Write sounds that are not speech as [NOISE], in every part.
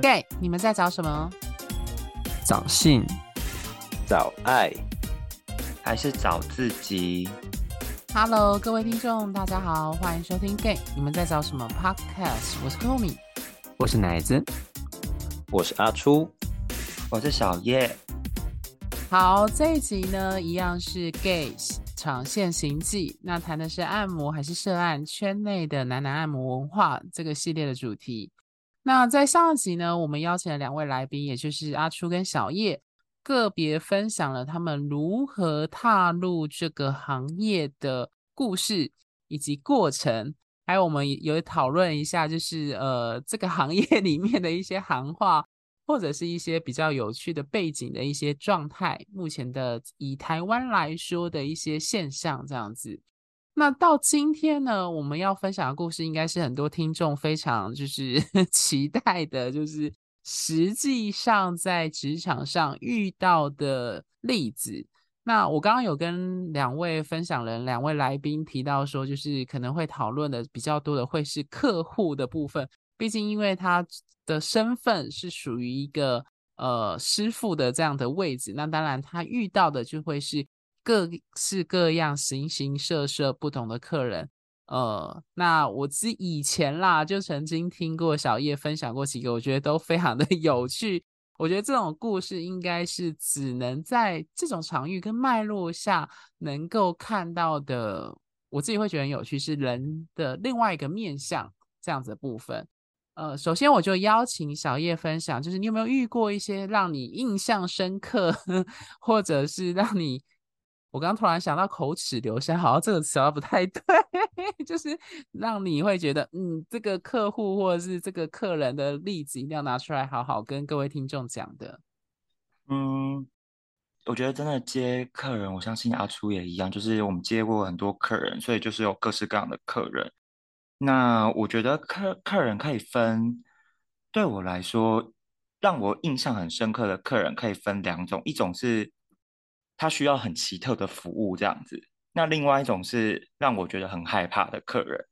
Gay，你們在找什麼？找性，找愛，還是找自己？Hello，各位聽眾，大家好，歡迎收聽 Gay，你們在找什麼 Podcast？我是糯米，我是奶子，我是阿初，我是小葉。好，這一集呢，一樣是 Gay 場現形記，那談的是按摩還是色按圈內的男男按摩文化這個系列的主題。那在上一集呢，我們邀請了兩位來賓，也就是阿初跟小葉，個別分享了他們如何踏入這個行業的故事以及過程，還有我們有討論一下，就是呃這個行業裡面的一些行話，或者是一些比較有趣的背景的一些狀態，目前的以台灣來說的一些現象這樣子。那到今天呢，我們要分享的故事應該是很多聽眾非常就是期待的，就是實際上在職場上遇到的例子。那我剛剛有跟兩位分享人、兩位來賓提到說，就是可能會討論的比較多的會是客戶的部分，畢竟因為他的身份是屬於一個呃師傅的這樣的位置，那當然他遇到的就會是。各式各樣、形形色色、不同的客人，呃，那我自以前啦，就曾經聽過小葉分享過幾個，我覺得都非常的有趣。我覺得這種故事應該是只能在這種場域跟脈絡下能夠看到的，我自己會覺得很有趣，是人的另外一個面向這樣子的部分。呃，首先我就邀請小葉分享，就是你有沒有遇過一些讓你印象深刻，呵呵，或者是讓你。我剛突然想到口齒留香，好像這個詞不太對， [LAUGHS] 就是讓你會覺得，嗯，這個客戶或者是這個客人的例子一定要拿出來，好好跟各位聽眾講的。嗯，我覺得真的接客人，我相信，阿初也一樣，就是我們接過很多客人，所以就是有各式各樣的客人。那我覺得客、客人可以分，對我來說，讓我印象很深刻的客人可以分兩種，一種是，他需要很奇特的服務這樣子，那另外一種是讓我覺得很害怕的客人。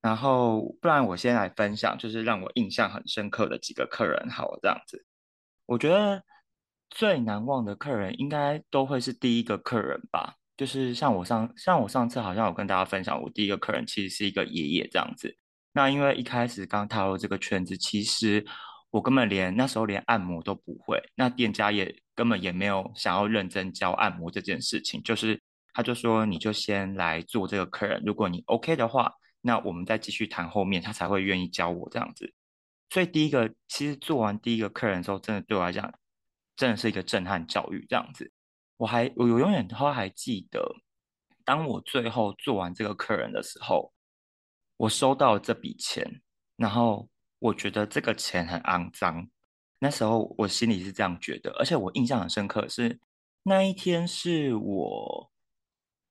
然後不然我先來分享，就是讓我印象很深刻的幾個客人，好這樣子，我覺得最難忘的客人應該都會是第一個客人吧，就是像我上像我上次好像有跟大家分享，我第一個客人其實是一個爺爺這樣子，那因為一開始剛踏入這個圈子，其實。我根本連那時候連按摩都不會，那店家也根本也沒有想要認真教按摩這件事情，就是他就說你就先來做這個客人，如果你 OK 的話，那我們再繼續談後面，他才會願意教我這樣子。所以第一個，其實做完第一個客人之後，真的對我來講，真的是一個震撼教育這樣子。我還我我永遠都還記得，當我最後做完這個客人的時候，我收到這筆錢，然後。我覺得這個錢很骯髒，那時候我心裡是這樣覺得，而且我印象很深刻是那一天是我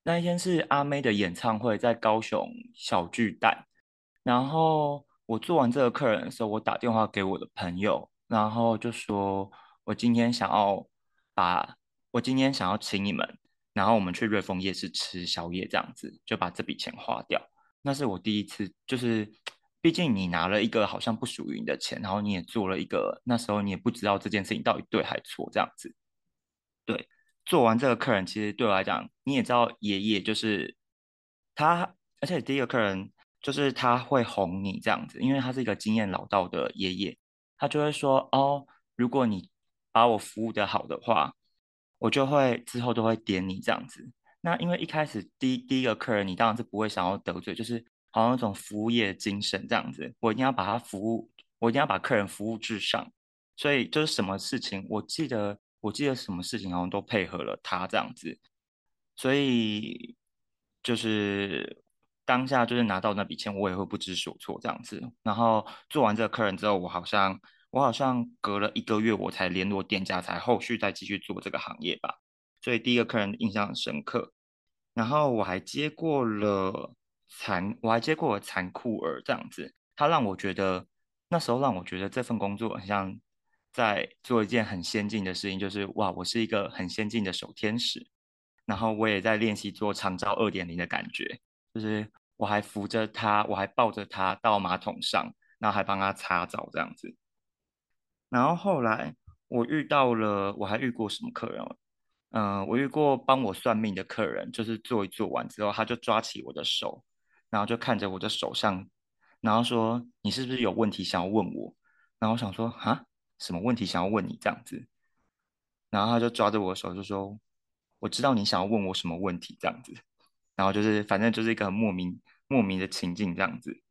那一天是阿妹的演唱會，在高雄小巨蛋，然後我做完這個客人的時候，我打電話給我的朋友，然後就說我今天想要把我今天想要請你們，然後我們去瑞豐夜市吃宵夜，這樣子就把這筆錢花掉。那是我第一次就是。畢竟你拿了一個好像不屬於你的錢，然後你也做了一個，那時候你也不知道這件事情到底對還錯，這樣子。對，做完這個客人，其實對我來講，你也知道爺爺就是他，而且第一個客人就是他會哄你這樣子，因為他是一個經驗老道的爺爺，他就會說哦，如果你把我服務得好的話，我就會之後都會點你這樣子。那因為一開始第第一個客人，你當然是不會想要得罪，就是。好像那種服務業精神這樣子，我一定要把他服務，我一定要把客人服務至上，所以就是什麼事情，我記得我記得什麼事情好像都配合了他這樣子，所以就是當下就是拿到那筆錢，我也會不知所措這樣子。然後做完這個客人之後，我好像我好像隔了一個月我才聯絡店家，才後續再繼續做這個行業吧。所以第一個客人印象很深刻，然後我還接過了。殘，我還接過殘酷兒這樣子，他讓我覺得那時候讓我覺得這份工作很像在做一件很先進的事情，就是哇，我是一個很先進的守天使。然後我也在練習做長照二點零的感覺，就是我還扶着他，我還抱着他到馬桶上，然後還幫他擦澡這樣子。然後後來我遇到了，我還遇過什麼客人？嗯、呃，我遇過幫我算命的客人，就是做一做完之後，他就抓起我的手。然後就看着我的手上，然後說：“你是不是有問題想要問我？”然後我想說：“啊，什麼問題想要問你？”這樣子，然後他就抓着我的手就說：“我知道你想要問我什麼問題。”這樣子，然後就是反正就是一個很莫名莫名的情境這樣子。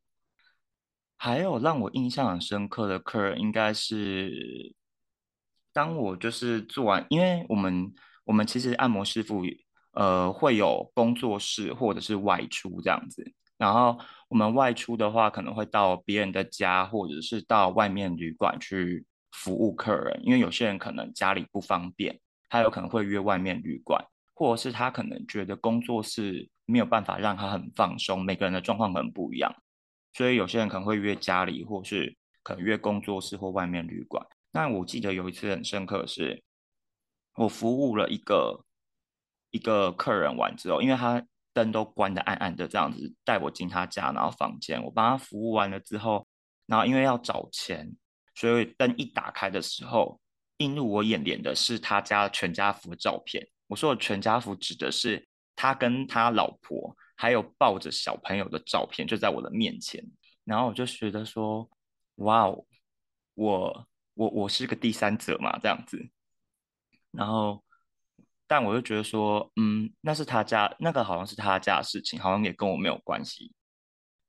還有讓我印象很深刻的客人，應該是當我就是做完，因為我們我們其實按摩師傅呃會有工作室或者是外出這樣子。然後我們外出的話，可能會到別人的家，或者是到外面旅館去服務客人，因為有些人可能家裡不方便，他有可能會約外面旅館，或者是他可能覺得工作室沒有辦法讓他很放鬆。每個人的狀況可能不一樣，所以有些人可能會約家裡，或是可能約工作室或外面旅館。但我記得有一次很深刻是，我服務了一個一個客人完之後，因為他。燈都關得暗暗的，這樣子帶我進他家，然後房間，我幫他服務完了之後，然後因為要找錢，所以燈一打開的時候，映入我眼簾的是他家全家福的照片。我說的全家福指的是他跟他老婆還有抱着小朋友的照片，就在我的面前。然後我就覺得說，哇哦，我我我是個第三者嘛，這樣子。然後。但我就覺得說，嗯，那是他家那個，好像是他家的事情，好像也跟我沒有關係。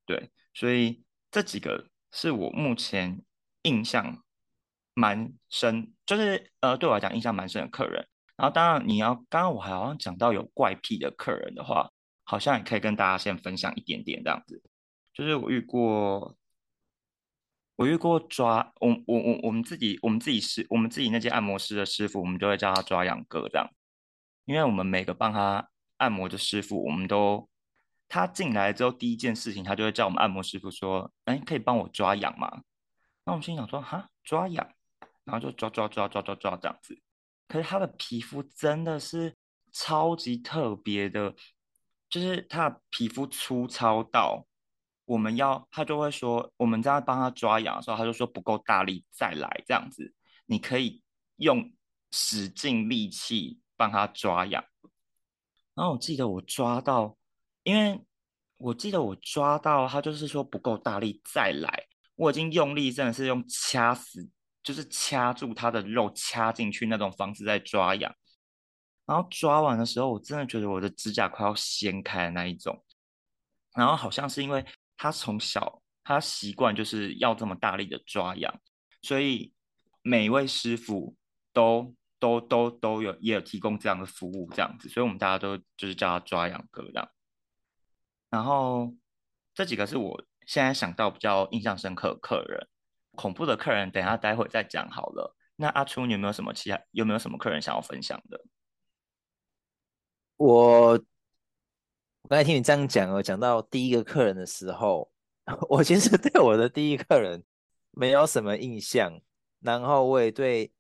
對，所以這幾個是我目前印象蠻深，就是呃，對我來講印象蠻深的客人。然後當然你要，剛剛我還好像講到有怪癖的客人的話，好像也可以跟大家先分享一點點這樣子。就是我遇過，我遇過抓我我我我們自己我們自己是，我們自己那間按摩師的師傅，我們就會叫他抓癢哥這樣。因為我們每個幫他按摩的師傅，我們都他進來之後第一件事情，他就會叫我們按摩師傅說：“哎，可以幫我抓癢嗎？”那我們心想說：“哈，抓癢。”然後就抓抓抓抓抓抓這樣子。可是他的皮膚真的是超級特別的，就是他的皮膚粗糙到我們要他就會說，我們在幫他抓癢的時候，他就說不夠大力再來這樣子。你可以用使勁力氣。幫他抓癢，然後我記得我抓到，因為我記得我抓到他，就是說不夠大力再來。我已經用力真的是用掐死，就是掐住他的肉，掐進去那種方式在抓癢。然後抓完的時候，我真的覺得我的指甲快要掀開的那一種。然後好像是因為他從小他習慣就是要這麼大力的抓癢，所以每一位師傅都。都都都有也有提供這樣的服務，這樣子，所以我們大家都就是叫他抓羊哥這樣。然後這幾個是我現在想到比較印象深刻的客人，恐怖的客人等下待會再講好了。那阿初，你有沒有什麼其他，有沒有什麼客人想要分享的？我我剛才聽你這樣講，我講到第一個客人的時候，我其實對我的第一個客人沒有什麼印象，然後我也對。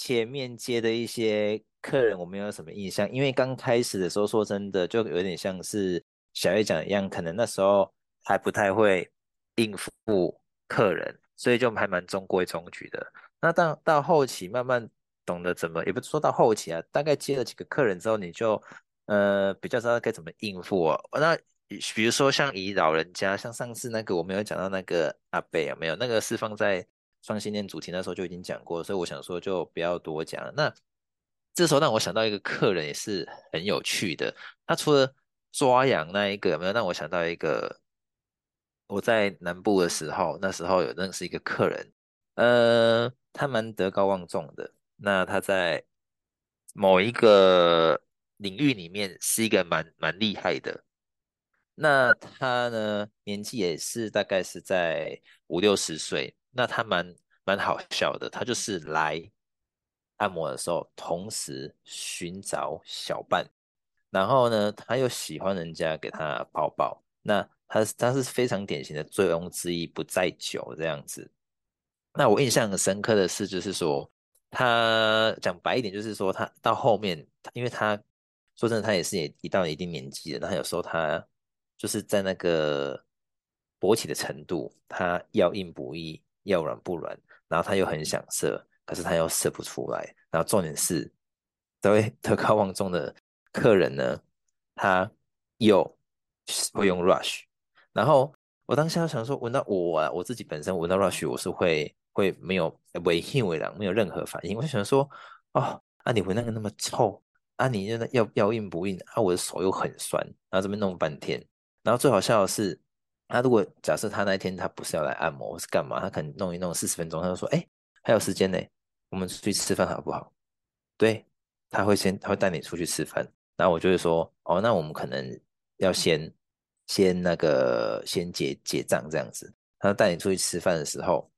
前面接的一些客人，我沒有什麼印象，因為剛開始的時候，說真的，就有點像是小葉講一樣，可能那時候還不太會應付客人，所以就還蠻中規中矩的。那到到後期，慢慢懂得怎麼，也不是說到後期啊，大概接了幾個客人之後，你就呃比較知道該怎麼應付啊。那比如說像以老人家，像上次那個我沒有講到那個阿伯有沒有？那個是放在。雙性戀主題，那時候就已經講過，所以我想說就不要多講了。那這時候讓我想到一個客人也是很有趣的。他除了抓羊那一個，沒有讓我想到一個。我在南部的時候，那時候有認識一個客人，呃，他蠻德高望重的。那他在某一個領域裡面是一個蠻蠻厲害的。那他呢？年紀也是大概是在五六十歲。那他蠻蠻好笑的，他就是來按摩的時候，同時尋找小伴。然後呢，他又喜歡人家給他抱抱。那他他是非常典型的“醉翁之意不在酒”這樣子。那我印象很深刻的是，就是說他講白一點，就是說他到後面，因為他說真的，他也是也已到一定年紀了，那有時候他。就是在那個勃起的程度，他要硬不硬，要軟不軟，然後他又很想射，可是他又射不出來。然後重點是，這位德高望重的客人呢，他又、就是、會用 rush。然後我當下想說，聞到我、啊、我自己本身聞到 rush，我是會會沒有違逆違擋，沒有任何反應。我想說，哦，啊你聞那個那麼臭，啊你又那要要硬不硬，啊我的手又很痠，然後這邊弄半天。然後最好笑的是，他如果假設他那一天他不是要來按摩或是幹嘛，他可能弄一弄四十分鐘，他就說：“哎，還有時間呢，我們出去吃飯好不好？”對，他會先，他會帶你出去吃飯，然後我就會說：“哦，那我們可能要先先那個先結結賬這樣子。”他帶你出去吃飯的時候，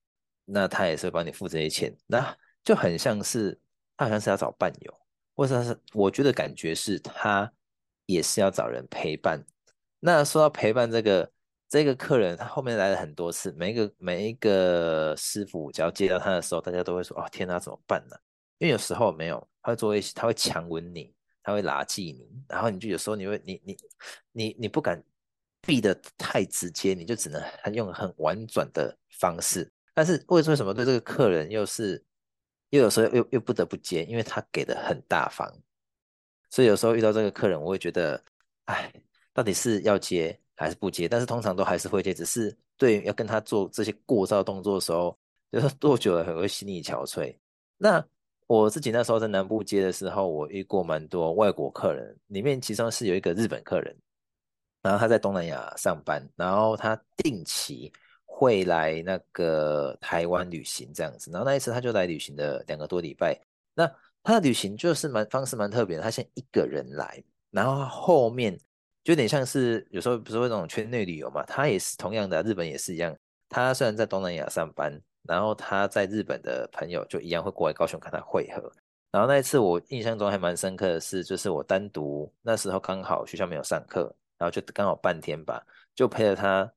那他也是會幫你付這些錢，那就很像是他好像是要找伴友，或者是我覺得感覺是他也是要找人陪伴。那說到陪伴這個這個客人，他後面來了很多次，每一個每一個師傅只要接到他的時候，大家都會說：哦天哪，怎麼辦呢、啊？因為有時候沒有，他會做一些，他會強吻你，他會拉近你，然後你就有時候你會你你你你不敢逼得太直接，你就只能用很婉轉的方式。但是為什麼對這個客人又是又有時候又又不得不接，因為他給的很大方，所以有時候遇到這個客人，我會覺得，哎。到底是要接還是不接？但是通常都還是會接，只是對於要跟他做這些過招動作的時候，就是做久了很會心力憔悴。那我自己那時候在南部接的時候，我遇過蠻多外國客人，裡面其中是有一個日本客人，然後他在東南亞上班，然後他定期會來那個台灣旅行這樣子。然後那一次他就來旅行了兩個多禮拜，那他的旅行就是蠻方式蠻特別的，他先一個人來，然後後面。就有點像是有時候不是那種圈內旅遊嘛，他也是同樣的，日本也是一樣。他雖然在東南亞上班，然後他在日本的朋友就一樣會過來高雄跟他會合。然後那一次我印象中還蠻深刻的是，就是我單獨那時候剛好學校沒有上課，然後就剛好半天吧，就陪着他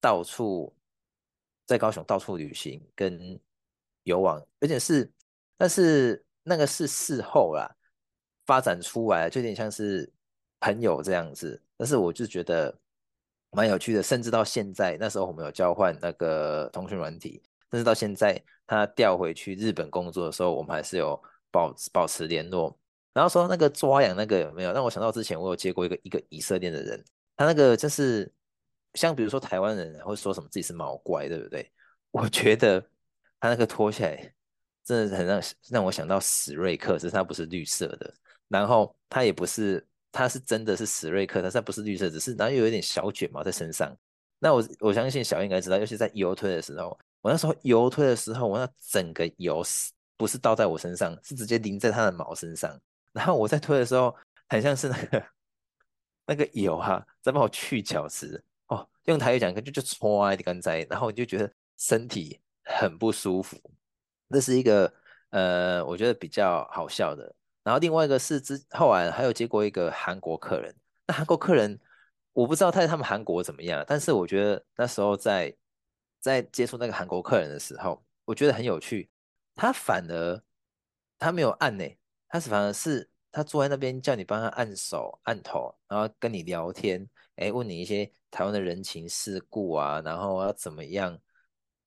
到處在高雄到處旅行跟遊玩，而且是但是那個是事後啦，發展出來就有點像是朋友這樣子。但是我就覺得蠻有趣的，甚至到現在，那時候我們有交換那個通訊軟體，但是到現在他調回去日本工作的時候，我們還是有保保持聯絡。然後說那個抓癢那個沒有，讓我想到之前我有接過一個一個以色列的人，他那個就是像比如說台灣人會說什麼自己是毛怪，對不對？我覺得他那個脫下來真的很讓讓我想到史瑞克，只是他不是綠色的，然後他也不是。它是真的是史瑞克，但是它不是綠色，只是然後又有一點小卷毛在身上。那我我相信小英應該知道，尤其在油推的時候，我那時候油推的時候，我那整個油不是倒在我身上，是直接淋在它的毛身上。然後我在推的時候，很像是那個那個油啊，在幫我去角質哦，用台語講就就搓的剛才，然後我就覺得身體很不舒服。這是一個呃，我覺得比較好笑的。然後另外一個是之後來還有接過一個韓國客人，那韓國客人我不知道他在他們韓國怎麼樣，但是我覺得那時候在在接觸那個韓國客人的時候，我覺得很有趣，他反而他沒有按呢、欸，他是反而是他坐在那邊叫你幫他按手按頭，然後跟你聊天，哎，問你一些台灣的人情世故啊，然後要怎麼樣。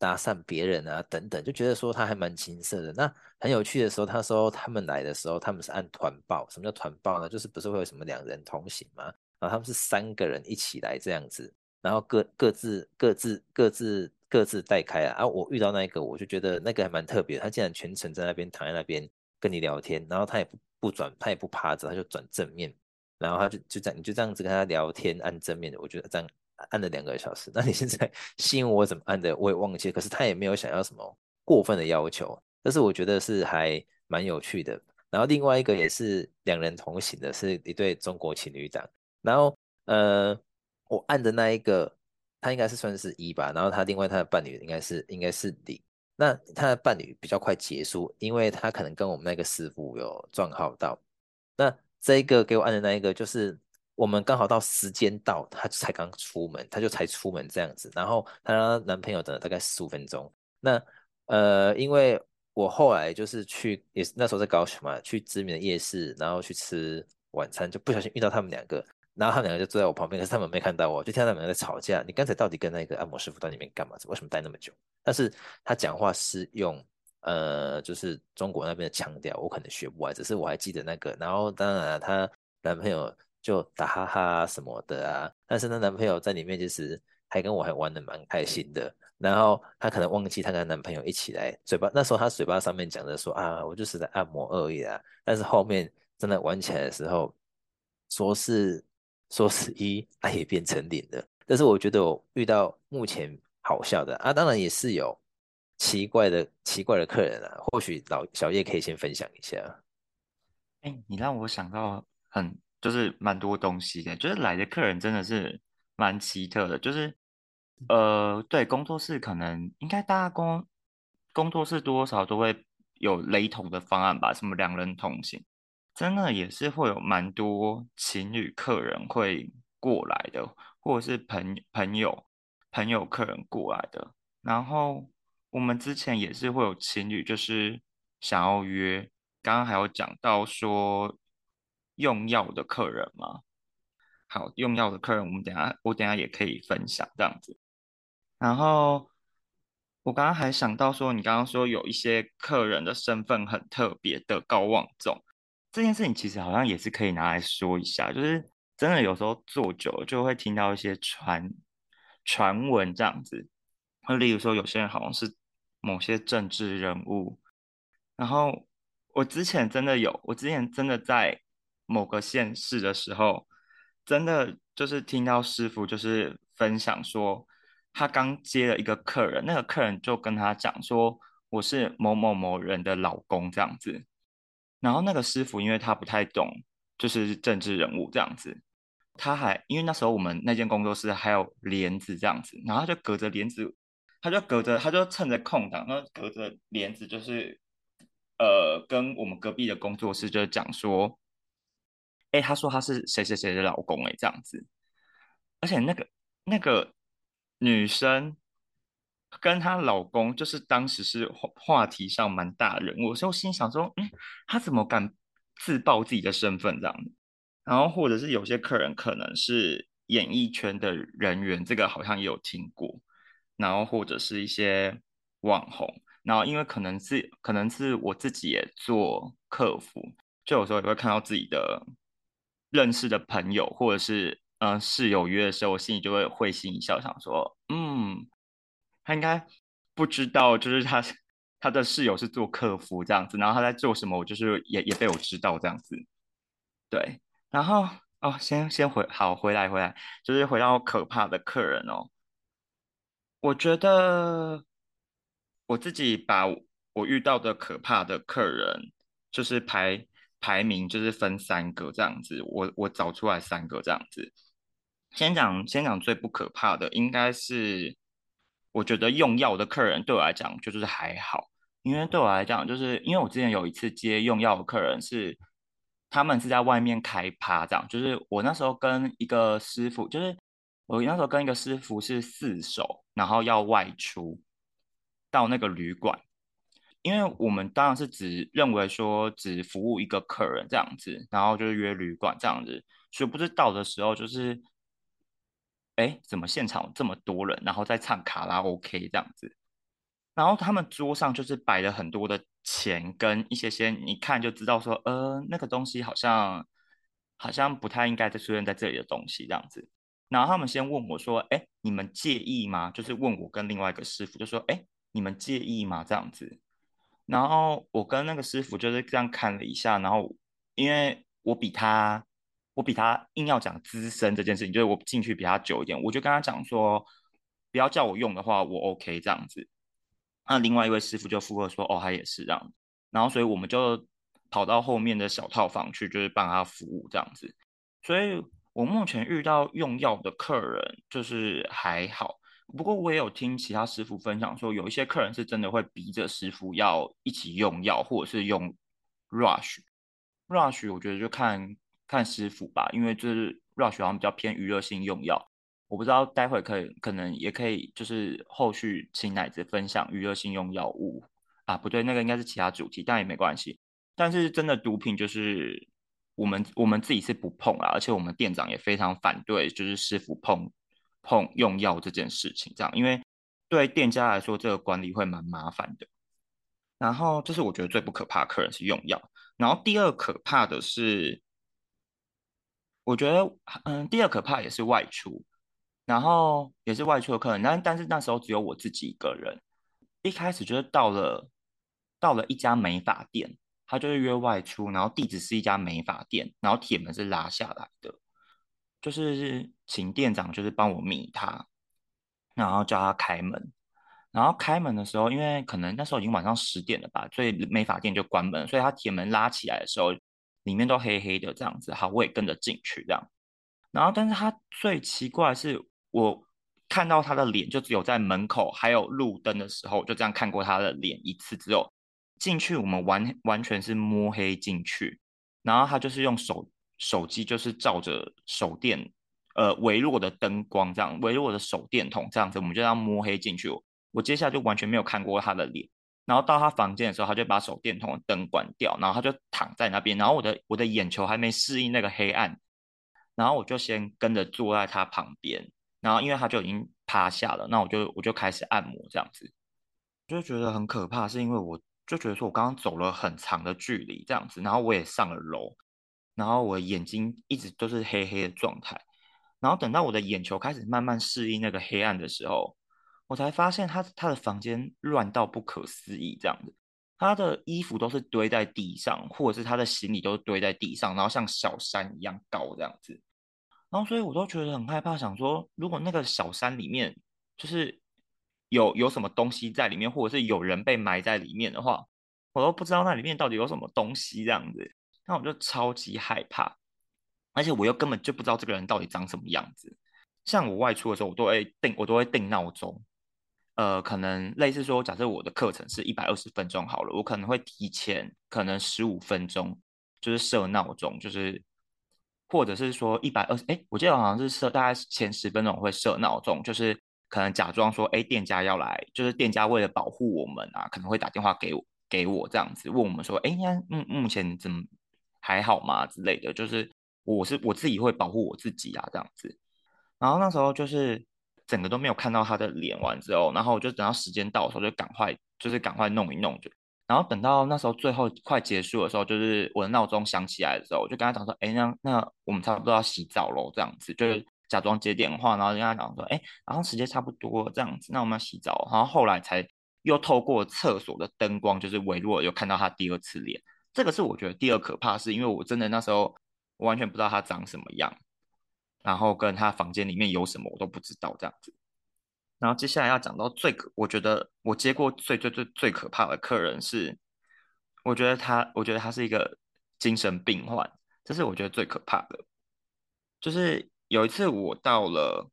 搭訕別人啊，等等，就覺得說他還蠻情色的。那很有趣的時候，他說他們來的時候，他們是按團報。什麼叫團報呢？就是不是會有什麼兩人同行嗎？然後他們是三個人一起來這樣子，然後各各自各自各自各自帶開啊，啊。我遇到那一個，我就覺得那個還蠻特別。他竟然全程在那邊躺在那邊跟你聊天，然後他也不不轉，他也不趴着，他就轉正面，然後他就就這樣你就這樣子跟他聊天，按正面，我覺得這樣。按了兩個小時，那你現在吸引我怎麼按的我也忘記，可是他也沒有想要什麼過分的要求，但是我覺得是還蠻有趣的。然後另外一個也是兩人同行的，是一對中國情侶檔。然後呃，我按的那一個，他應該是算是一吧。然後他另外他的伴侶應該是應該是0。那他的伴侶比較快結束，因為他可能跟我們那個師傅有撞號到。那這一個給我按的那一個就是。我們剛好到時間到，她才剛出門，她就才出門這樣子，然後她讓男朋友等了大概十五分鐘。那呃，因為我後來就是去，也是那時候在搞什麼，去知名的夜市，然後去吃晚餐，就不小心遇到他們兩個，然後他們兩個就坐在我旁邊，可是他們沒看到我，就聽到他們兩個在吵架。你剛才到底跟那個按摩師傅到裡面幹嘛？為什麼待那麼久？但是他講話是用呃，就是中國那邊的腔調，我可能學不完，只是我還記得那個。然後當然，啊，他男朋友。就打哈哈什麼的啊，但是她男朋友在裡面就是還跟我還玩的蠻開心的，嗯、然後她可能忘記她跟她男朋友一起來，嘴巴那時候她嘴巴上面講的說啊，我就是在按摩而已啊，但是後面真的玩起來的時候，說是說是一，那、啊、也變成零了。但是我覺得我遇到目前好笑的啊，當然也是有奇怪的奇怪的客人啊，或許老小葉可以先分享一下。哎，你讓我想到很。就是蠻多東西的，就是來的客人真的是蠻奇特的，就是呃，對，工作室可能應該大家工工作室多少少都會有雷同的方案吧，什麼兩人同行，真的也是會有蠻多情侶客人會過來的，或者是朋朋友朋友客人過來的。然後我們之前也是會有情侶，就是想要約，剛剛還有講到說，用藥的客人嗎？好，用藥的客人，我們等下我等下也可以分享這樣子。然後我剛剛還想到說，你剛剛說有一些客人的身份很特別，德高望重，這件事情其實好像也是可以拿來說一下。就是真的有時候做久了就會聽到一些傳傳聞這樣子，例如說有些人好像是某些政治人物。然後我之前真的有，我之前真的在。某個縣市的時候，真的就是聽到師傅就是分享說，他剛接了一個客人，那個客人就跟他講說，我是某某某人的老公這樣子。然後那個師傅，因為他不太懂，就是政治人物這樣子，他還因為那時候我們那間工作室還有簾子這樣子，然後就隔着簾子，他就隔着他就趁着空檔，那隔着簾子就是，呃，跟我們隔壁的工作室就講說。哎、欸，她說她是誰誰誰的老公哎、欸，這樣子，而且那個那個女生跟她老公就是當時是話題上蠻大的人，我就心想說，嗯，她怎麼敢自曝自己的身份這樣？然後或者是有些客人可能是演藝圈的人員，這個好像也有聽過，然後或者是一些網紅，然後因為可能是可能是我自己也做客服，就有時候也會看到自己的。認識的朋友，或者是嗯、呃、室友約的時候，我心裡就會會心一笑，想說嗯，他應該不知道，就是他他的室友是做客服這樣子，然後他在做什麼，我就是也也被我知道這樣子。對，然後哦，先先回好，回來回來，就是回到可怕的客人哦。我覺得我自己把我遇到的可怕的客人，就是排。排名就是分三個這樣子，我我找出來三個這樣子。先講先講最不可怕的，應該是我覺得用藥的客人對我來講就就是還好，因為對我來講就是因為我之前有一次接用藥的客人是，他們是在外面開趴這樣，就是我那時候跟一個師傅，就是我那時候跟一個師傅是四手，然後要外出到那個旅館。因為我們當然是只認為說只服務一個客人這樣子，然後就是約旅館這樣子，所以不知道的時候就是，哎，怎麼現場這麼多人，然後在唱卡拉 OK 這樣子，然後他們桌上就是擺了很多的錢跟一些些，你看就知道說，呃，那個東西好像好像不太應該再出現在這裡的東西這樣子，然後他們先問我說，哎，你們介意嗎？就是問我跟另外一個師傅就說，哎，你們介意嗎？這樣子。然後我跟那個師傅就是這樣看了一下，然後因為我比他，我比他硬要講資深這件事情，就是我進去比他久一點，我就跟他講說，不要叫我用的話，我 OK 這樣子。那、啊、另外一位師傅就附和說，哦，他也是這樣。然後所以我們就跑到後面的小套房去，就是幫他服務這樣子。所以我目前遇到用藥的客人，就是還好。不過我也有聽其他師傅分享說，有一些客人是真的會逼着師傅要一起用藥，或者是用 rush，rush，rush 我覺得就看看師傅吧，因為就是 rush 好像比較偏娛樂性用藥，我不知道待會可以可能也可以就是後續請奶子分享娛樂性用藥物啊，不對，那個應該是其他主題，但也沒關係。但是真的毒品就是我們我們自己是不碰啦，而且我們店長也非常反對就是師傅碰。碰用藥這件事情，這樣，因為對店家來說，這個管理會蠻麻煩的。然後，就是我覺得最不可怕的客人是用藥。然後，第二可怕的是，我覺得，嗯，第二可怕也是外出。然後，也是外出的客人，但但是那時候只有我自己一個人。一開始就是到了，到了一家美髮店，他就是約外出，然後地址是一家美髮店，然後鐵門是拉下來的。就是請店長，就是幫我密他，然後叫他開門，然後開門的時候，因為可能那時候已經晚上十點了吧，所以美髮店就關門，所以他鐵門拉起來的時候，裡面都黑黑的這樣子。好，我也跟着進去這樣，然後但是他最奇怪的是我看到他的臉，就只有在門口還有路燈的時候，就這樣看過他的臉一次之後，進去我們完完全是摸黑進去，然後他就是用手。手機就是照着手電，呃，微弱的燈光這樣，微弱的手電筒這樣子，我們就這樣摸黑進去。我接下來就完全沒有看過他的臉，然後到他房間的時候，他就把手電筒的燈關掉，然後他就躺在那邊，然後我的我的眼球還沒適應那個黑暗，然後我就先跟着坐在他旁邊，然後因為他就已經趴下了，那我就我就開始按摩這樣子，我就覺得很可怕，是因為我就覺得說，我剛剛走了很長的距離這樣子，然後我也上了樓。然後我的眼睛一直都是黑黑的狀態，然後等到我的眼球開始慢慢適應那個黑暗的時候，我才發現他他的房間亂到不可思議這樣子，他的衣服都是堆在地上，或者是他的行李都是堆在地上，然後像小山一樣高這樣子，然後所以我都覺得很害怕，想說如果那個小山裡面就是有有什麼東西在裡面，或者是有人被埋在裡面的話，我都不知道那裡面到底有什麼東西這樣子。那我就超級害怕，而且我又根本就不知道這個人到底長什麼樣子。像我外出的時候，我都會定，我都會定鬧鐘。呃，可能類似說，假設我的課程是一百二十分鐘好了，我可能會提前可能十五分鐘就是設鬧鐘，就是射、就是、或者是說一百二十，哎，我記得好像是設大概前十分鐘我會設鬧鐘，就是可能假裝說，哎、欸，店家要來，就是店家為了保護我們啊，可能會打電話給我，給我這樣子問我們說，哎、欸嗯，目目前你怎麼？還好嗎？之類的，就是我是我自己會保護我自己啊，這樣子。然後那時候就是整個都沒有看到他的臉，完之後，然後我就等到時間到的時候就，就趕快就是趕快弄一弄就。然後等到那時候最後快結束的時候，就是我的鬧鐘響起來的時候，我就跟他講說：“哎、欸，那那我們差不多要洗澡嘍，這樣子。”就是假裝接電話，然後跟他講說：“哎、欸，然後時間差不多這樣子，那我們要洗澡。”然後後來才又透過廁所的燈光，就是微弱，又看到他第二次臉。這個是我覺得第二可怕，是因為我真的那時候我完全不知道他長什麼樣，然後跟他房間裡面有什麼我都不知道這樣子。然後接下來要講到最可，我覺得我接過最最最最可怕的客人是，我覺得他我覺得他是一個精神病患，這是我覺得最可怕的。就是有一次我到了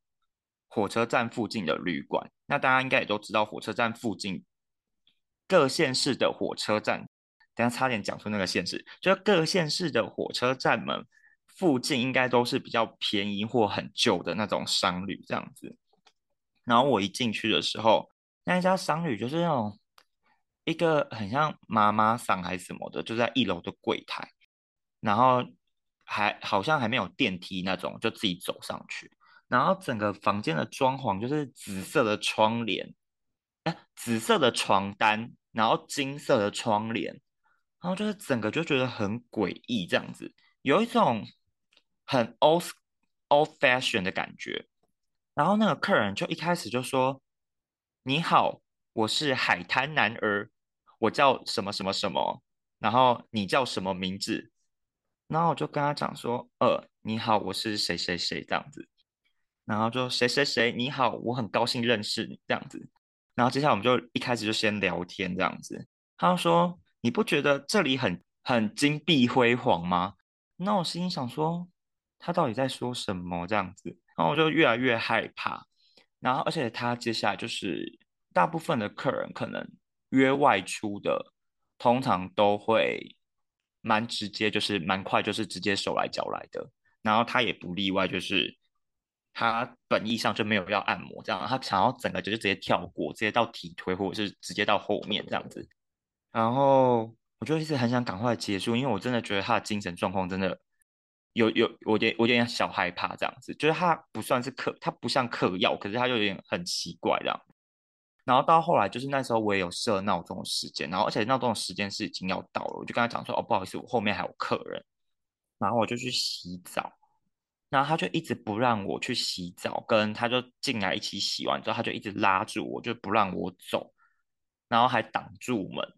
火車站附近的旅館，那大家應該也都知道，火車站附近各縣市的火車站。等一下差點講出那個縣市，就是各個縣市的火車站門附近應該都是比較便宜或很舊的那種商旅這樣子。然後我一進去的時候，那一家商旅就是那種一個很像媽媽桑還是什麼的，就在一樓的櫃檯，然後還好像還沒有電梯那種，就自己走上去。然後整個房間的裝潢就是紫色的窗簾，哎、呃，紫色的床單，然後金色的窗簾。然後就是整個就覺得很詭異，這樣子有一種很 old old fashioned 的感覺。然後那個客人就一開始就說：“你好，我是海灘男兒，我叫什麼什麼什麼。”然後你叫什麼名字？然後我就跟他講說：“呃，你好，我是誰誰誰誰這樣子。”然後就誰誰誰，你好，我很高興認識你這樣子。然後接下來我們就一開始就先聊天這樣子。他就說。你不覺得這裡很很金碧輝煌嗎？那我心裡想說，他到底在說什麼這樣子？然後我就越來越害怕。然後，而且他接下來就是大部分的客人可能約外出的，通常都會蠻直接，就是蠻快，就是直接手來腳來的。然後他也不例外，就是他本意上就沒有要按摩這樣，他想要整個就是直接跳過，直接到體推，或者是直接到後面這樣子。然後我就一直很想趕快結束，因為我真的覺得他的精神狀況真的有有，我有點我有點小害怕這樣子，就是他不算是嗑，他不像嗑藥，可是他又有點很奇怪這樣。然後到後來就是那時候我也有設鬧鐘的時間，然後而且鬧鐘的時間是已經要到了，我就跟他講說，哦，不好意思，我後面還有客人，然後我就去洗澡，然後他就一直不讓我去洗澡，跟他就進來一起洗完之後，他就一直拉住我，就不讓我走，然後還擋住門。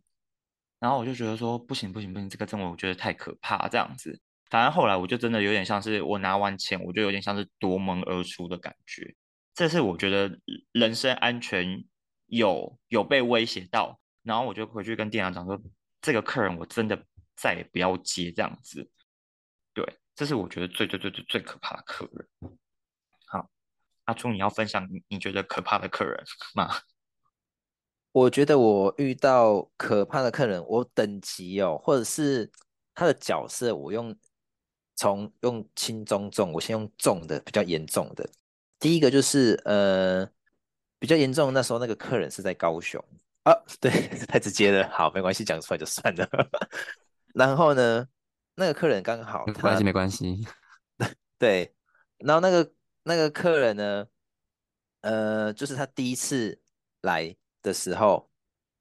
然後我就覺得說不行不行不行，這個證我我覺得太可怕，這樣子。反正後來我就真的有點像是我拿完錢，我就有點像是奪門而出的感覺。這是我覺得人身安全有有被威脅到。然後我就回去跟店長講說，這個客人我真的再也不要接這樣子。對，這是我覺得最最最最最可怕的客人。好，阿聰，你要分享你，你覺得可怕的客人嗎？我覺得我遇到可怕的客人，我等級哦，或者是他的角色，我用從用輕中重，我先用重的比較嚴重的。第一個就是呃，比較嚴重。那時候那個客人是在高雄啊，對，太直接了，好，沒關係，講出來就算了。 [LAUGHS] 然後呢，那個客人剛好沒關係，沒關係。 [LAUGHS] 對，然後那個那個客人呢，呃，就是他第一次來。的時候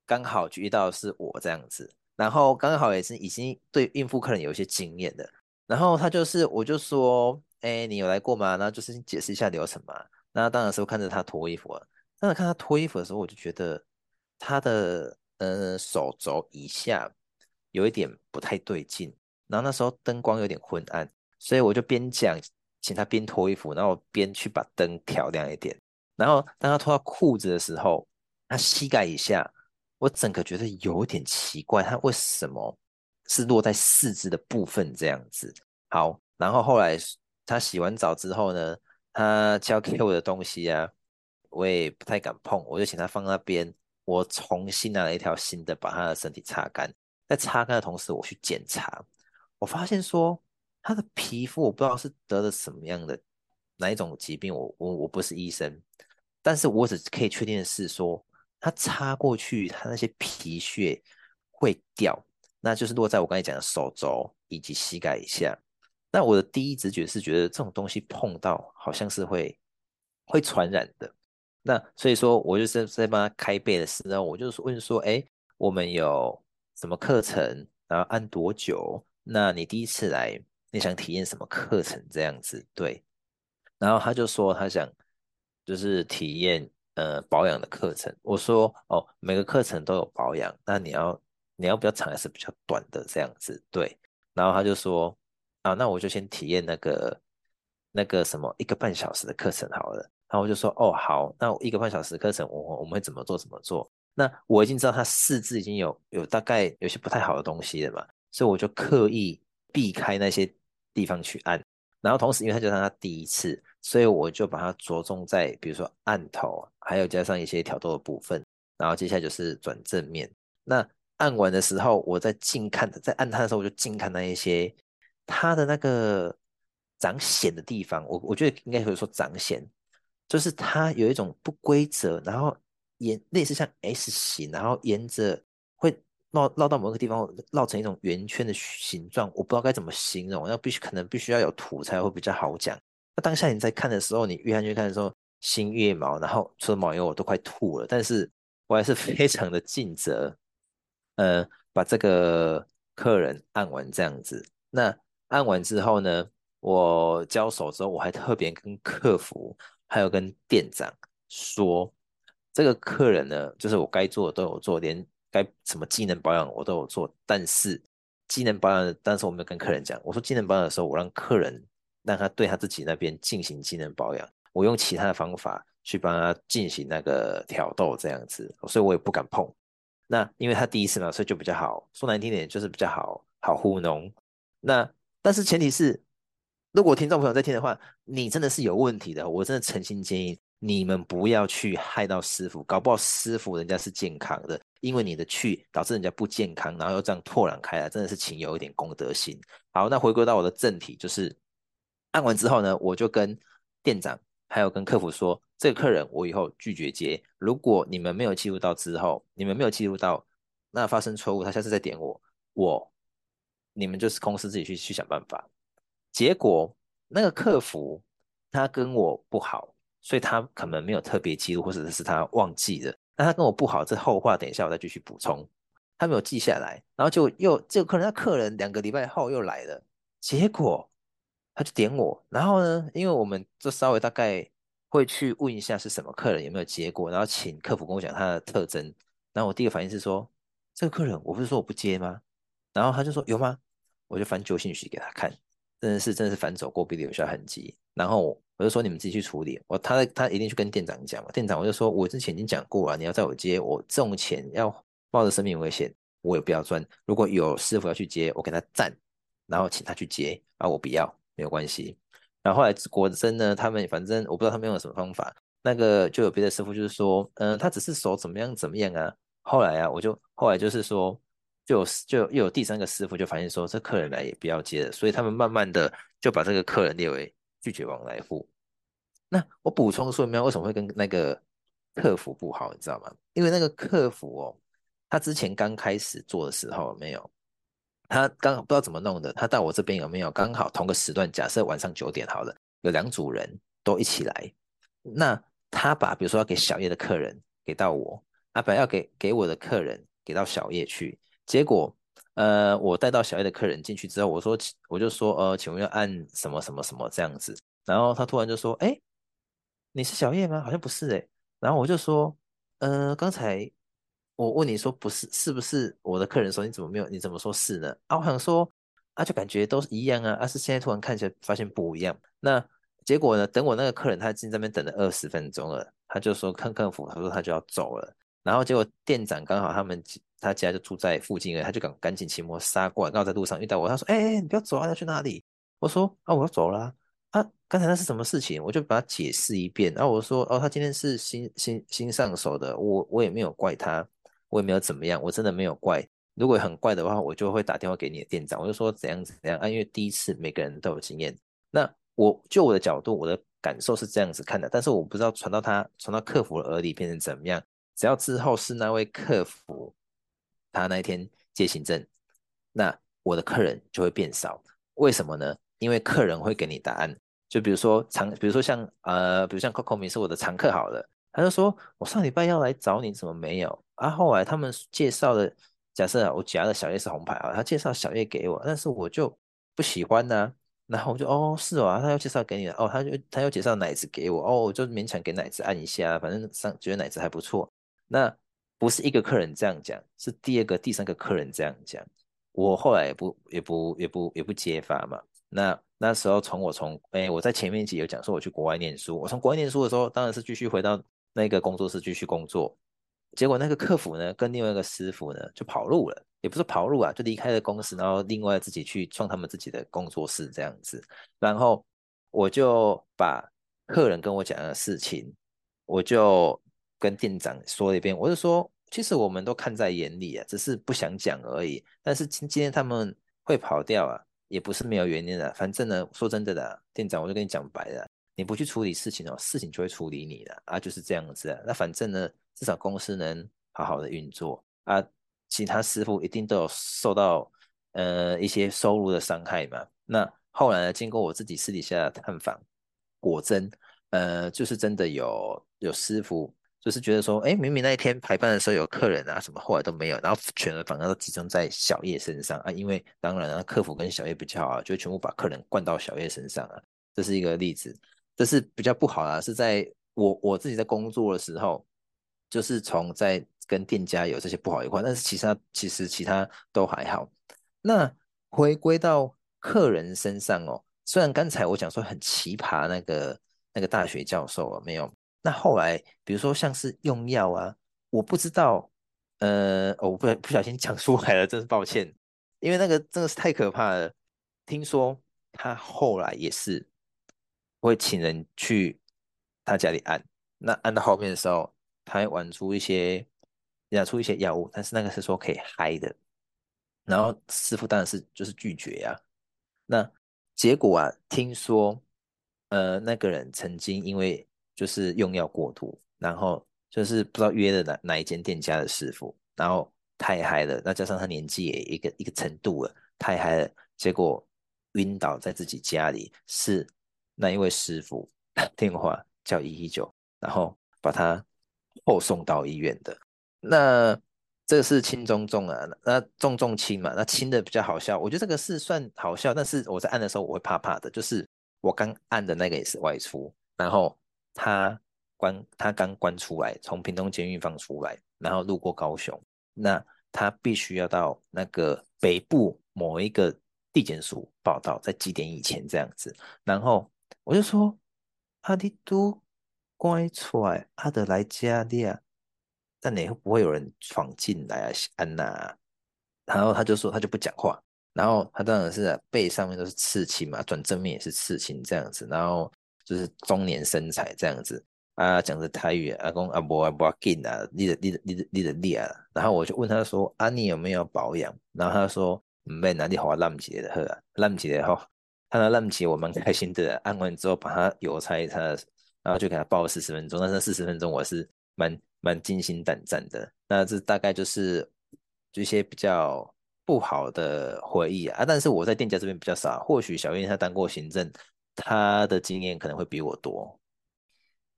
剛好就遇到是我這樣子，然後剛好也是已經對應付客人有一些經驗的，然後他就是我就說，哎、欸，你有來過嗎？然後就是解釋一下流程嘛。那當時我看着他脫衣服，啊，那看他脫衣服的時候，我就覺得他的嗯、呃、手肘以下有一點不太對勁。然後那時候燈光有點昏暗，所以我就邊講請他邊脫衣服，然後邊去把燈調亮一點。然後當他脫到褲子的時候。他膝蓋以下，我整個覺得有點奇怪，他為什麼是落在四肢的部分這樣子？好，然後後來他洗完澡之後呢，他交給我的東西啊，我也不太敢碰，我就請他放那邊。我重新拿了一條新的，把他的身體擦乾，在擦乾的同時，我去檢查，我發現說他的皮膚，我不知道是得了什麼樣的哪一種疾病，我我我不是醫生，但是我只可以確定的是說。他擦過去，他那些皮屑會掉，那就是落在我剛才講的手肘以及膝蓋以下。那我的第一直覺是覺得這種東西碰到好像是會會傳染的。那所以說，我就是在幫他開背的時候，我就是問說：哎，我們有什麼課程？然後按多久？那你第一次來，你想體驗什麼課程？這樣子，對。然後他就說他想就是體驗。呃，保養的課程，我說哦，每個課程都有保養，那你要你要比較長還是比較短的這樣子？對。然後他就說啊，那我就先體驗那個那個什麼一個半小時的課程好了。然後我就說哦，好，那我一個半小時的課程我我們會怎麼做怎麼做？那我已經知道他四肢已經有有大概有些不太好的東西了嘛，所以我就刻意避開那些地方去按。然後同時，因為它就是它第一次，所以我就把它着重在，比如說按頭，還有加上一些挑逗的部分。然後接下來就是轉正面。那按完的時候，我再近看，在按它的時候，我就近看那一些它的那個長癬的地方。我我覺得應該可以說長癬，就是它有一種不規則，然後沿類似像 S 型，然後沿着。落繞，繞到某一個地方，繞成一種圓圈的形狀，我不知道該怎麼形容，要必須可能必須要有圖才會比較好講。那當下你在看的時候，你越看越看的時候，心越毛，然後除了毛以後，我都快吐了。但是我還是非常的盡責，呃，把這個客人按完這樣子。那按完之後呢，我交手之後，我還特別跟客服還有跟店長說，這個客人呢，就是我該做的都有做，連。該什麼技能保養我都有做，但是技能保養的，但是我沒有跟客人講。我說技能保養的時候，我讓客人讓他對他自己那邊進行技能保養，我用其他的方法去幫他進行那個挑逗這樣子，所以我也不敢碰。那因為他第一次嘛，所以就比較好，說難聽點就是比較好好糊弄。那但是前提是，如果聽眾朋友在聽的話，你真的是有問題的，我真的誠心建議你們不要去害到師傅，搞不好師傅人家是健康的。因為你的去導致人家不健康，然後又這樣拓展開來，真的是請有一點公德心。好，那回歸到我的正題，就是按完之後呢，我就跟店長還有跟客服說，這個客人我以後拒絕接。如果你們沒有記錄到之後，你們沒有記錄到，那發生錯誤，他下次再點我，我你們就是公司自己去去想辦法。結果那個客服他跟我不好，所以他可能沒有特別記錄，或者是他忘記了。啊、他跟我不好，這後話等一下我再繼續補充。他沒有記下來，然後就又這個客人，他客人兩個禮拜後又來了，結果他就點我。然後呢，因為我們就稍微大概會去問一下是什麼客人有沒有結果，然後請客服跟我講他的特徵。然後我第一個反應是說，這個客人我不是說我不接嗎？然後他就說有嗎？我就翻舊信息給他看，真的是真的是凡走過必留有下痕跡。然後。我就說你們自己去處理，我他他一定去跟店長講嘛。店長我就說，我之前已經講過了、啊，你要在我接，我這種錢要冒着生命危險，我也不要賺。如果有師傅要去接，我給他讚，然後請他去接，啊，我不要，沒有關係。然後後來果真呢，他們反正我不知道他們用了什麼方法，那個就有別的師傅就是說，嗯、呃，他只是手怎麼樣怎麼樣啊。後來啊，我就後來就是說，就有就又有第三個師傅就發現說，這客人來也不要接了，所以他們慢慢的就把這個客人列為拒絕往來戶。那我補充說明，有沒有為什麼會跟那個客服不好，你知道嗎？因為那個客服哦，他之前剛開始做的時候沒有，他剛不知道怎麼弄的，他到我這邊有沒有剛好同個時段？假設晚上九點好了，有兩組人都一起來，那他把比如說要給小葉的客人給到我，他、啊、本來要給給我的客人給到小葉去，結果呃，我帶到小葉的客人進去之後，我說我就說呃，請問要按什麼什麼什麼這樣子，然後他突然就說，哎、欸。你是小葉嗎？好像不是哎、欸。然後我就說，呃，剛才我問你說不是，是不是我的客人說你怎麼沒有？你怎麼說是呢？啊，我想說，啊，就感覺都是一樣啊。但是現在突然看起來發現不一樣。那結果呢？等我那個客人他在那邊等了二十分鐘了，他就說看客服，他說他就要走了。然後結果店長剛好他們他家就住在附近了，他就趕趕緊騎摩托車過來，然後在路上遇到我，他說，哎、欸、哎、欸，你不要走啊，你要去哪裡？我說，啊，我要走了、啊。啊，剛才那是什麼事情？我就把他解釋一遍。然後，啊，我說：“哦，他今天是新新新上手的，我我也沒有怪他，我也沒有怎麼樣，我真的沒有怪。如果很怪的話，我就會打電話給你的店長，我就說怎樣怎樣啊。因為第一次每個人都有經驗。那我就我的角度，我的感受是這樣子看的，但是我不知道傳到他傳到客服的耳裡變成怎麼樣。只要之後是那位客服，他那一天接行政，那我的客人就會變少。為什麼呢？因為客人會給你答案。”就比如說常，比如說像呃，比如像 Coco 米是我的常客好了，他就說，我上禮拜要來找你，怎麼沒有啊？後來他們介紹的，假設啊，我家的小葉是紅牌啊，他介紹小葉給我，但是我就不喜歡啊。然後我就哦是啊，他要介紹給你哦，他就他又介紹奶子給我哦，我就勉強給奶子按一下，反正上覺得奶子還不錯。那不是一個客人這樣講，是第二個、第三個客人這樣講，我後來也不也不也不也不揭發嘛。那那時候，從我從哎、欸，我在前面一集有講說我去國外念書。我從國外念書的時候，當然是繼續回到那個工作室繼續工作。結果那個客服呢，跟另外一個師傅呢，就跑路了，也不是跑路啊，就離開了公司，然後另外自己去創他們自己的工作室這樣子。然後我就把客人跟我講的事情，我就跟店長說了一遍。我就說，其實我們都看在眼裡啊，只是不想講而已。但是今今天他們會跑掉啊。也不是沒有原因的，反正呢，說真的啦，店長，我就跟你講白了，你不去處理事情哦，事情就會處理你的。啊，就是這樣子。那反正呢，至少公司能好好的運作啊，其他師傅一定都有受到呃一些收入的傷害嘛。那後來呢，經過我自己私底下探訪，果真，呃，就是真的有有師傅。就是覺得說，誒，明明那一天排班的時候有客人啊，什麼後來都沒有，然後全反而都集中在小葉身上啊，因為當然啊，客服跟小葉比較好，就全部把客人灌到小葉身上啊，這是一個例子，這是比較不好啊，是在我我自己在工作的時候，就是從在跟店家有這些不好一塊，但是其他其實其他都還好。那回歸到客人身上哦，雖然剛才我講說很奇葩那個那個大學教授啊，哦，沒有。那後來，比如說像是用藥啊，我不知道，呃，我不不小心講出來了，真是抱歉，因為那個真的是太可怕了。聽說他後來也是會請人去他家裡按，那按到後面的時候，他還玩出一些，拿出一些藥物，但是那個是說可以嗨的，然後師傅當然是就是拒絕呀啊。那結果啊，聽說，呃，那個人曾經因為。就是用藥過度，然後就是不知道約了哪哪一間店家的師傅，然後太嗨了，那加上他年紀也一個一個程度了，太嗨了，結果暈倒在自己家裡，是那一位師傅電話叫一一九，然後把他後送到醫院的。那這個是輕中重啊，那重重輕嘛，那輕的比較好笑，我覺得這個是算好笑，但是我在按的時候我會怕怕的，就是我剛按的那個也是外出，然後。他關他剛關出來，從屏東監獄放出來，然後路過高雄，那他必須要到那個北部某一個地檢署報到，在幾點以前這樣子。然後我就說：“阿迪都乖來阿德來家的啊。啊裡」但你會不會有人闖進來是啊，安娜？”然後他就說他就不講話，然後他當然是、啊、背上面都是刺青嘛，轉正面也是刺青這樣子，然後。就是中年身材這樣子啊，講着泰語啊，講啊不啊不啊勁啊，你的你你你，你、啊、然後我就問他說啊，你有沒有保養？然後他說沒，哪裡、啊、好爛起的呵，爛起的吼。看到爛起，我蠻開心的、啊、按完之後，把它油擦一擦，然後就給他報了四十分鐘。但是四十分鐘我是蠻蠻驚心膽戰的。那這大概就是就一些比較不好的回憶啊，啊。但是我在店家這邊比較少，或許小月她當過行政。他的經驗可能會比我多。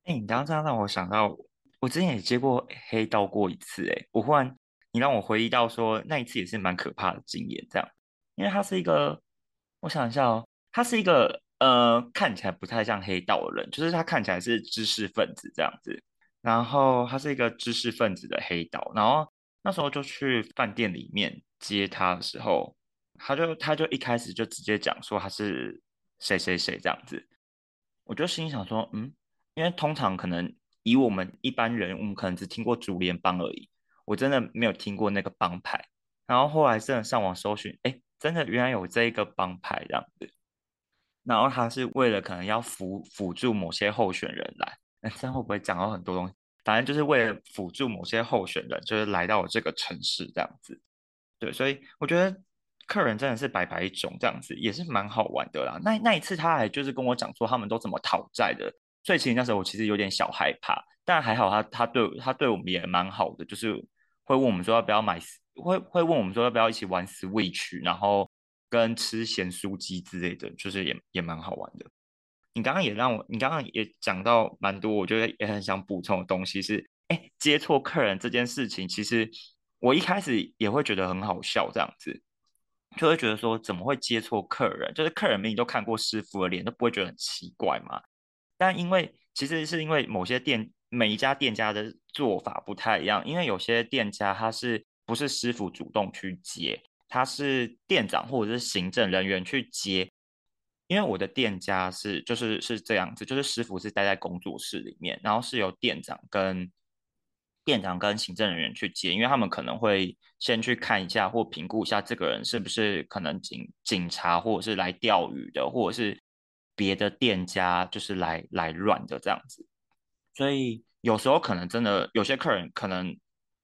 欸，哎，你剛剛這樣讓我想到，我之前也接過黑道過一次欸。我忽然你讓我回憶到說，那一次也是蠻可怕的經驗。這樣，因為他是一個，我想一下哦，他是一個呃，看起來不太像黑道的人，就是他看起來是知識分子這樣子。然後他是一個知識分子的黑道。然後那時候就去飯店裡面接他的時候，他就他就一開始就直接講說他是誰誰誰這樣子，我就心想說，嗯，因為通常可能以我們一般人，我們可能只聽過竹聯幫而已，我真的沒有聽過那個幫派。然後後來真的上網搜尋，哎、欸，真的原來有這一個幫派這樣子。然後他是為了可能要輔輔助某些候選人來，那、欸、這樣會不會講到很多東西？反正就是為了輔助某些候選人，就是來到我這個城市這樣子。對，所以我覺得。客人真的是白白腫這樣子，也是蠻好玩的啦。那那一次他還就是跟我講說他們都怎麼討債的。所以其實那時候我其實有點小害怕，但還好他他對他對我們也蠻好的，就是會問我們說要不要買，會會問我們說要不要一起玩 Switch，然後跟吃鹹酥雞之類的，就是也也蠻好玩的。你剛剛也讓我，你剛剛也講到蠻多，我覺得也很想補充的東西是，哎、欸，接錯客人這件事情，其實我一開始也會覺得很好笑這樣子。就會覺得說怎麼會接錯客人？就是客人明明都看過師傅的臉，都不會覺得很奇怪嗎？但因為其實是因為某些店，每一家店家的做法不太一樣。因為有些店家，他是不是師傅主動去接，他是店長或者是行政人員去接。因為我的店家是就是是這樣子，就是師傅是待在工作室裡面，然後是由店長跟。店長跟行政人員去接，因為他們可能會先去看一下或評估一下這個人是不是可能警警察，或者是來釣魚的，或者是別的店家，就是來來亂的這樣子。所以有時候可能真的有些客人，可能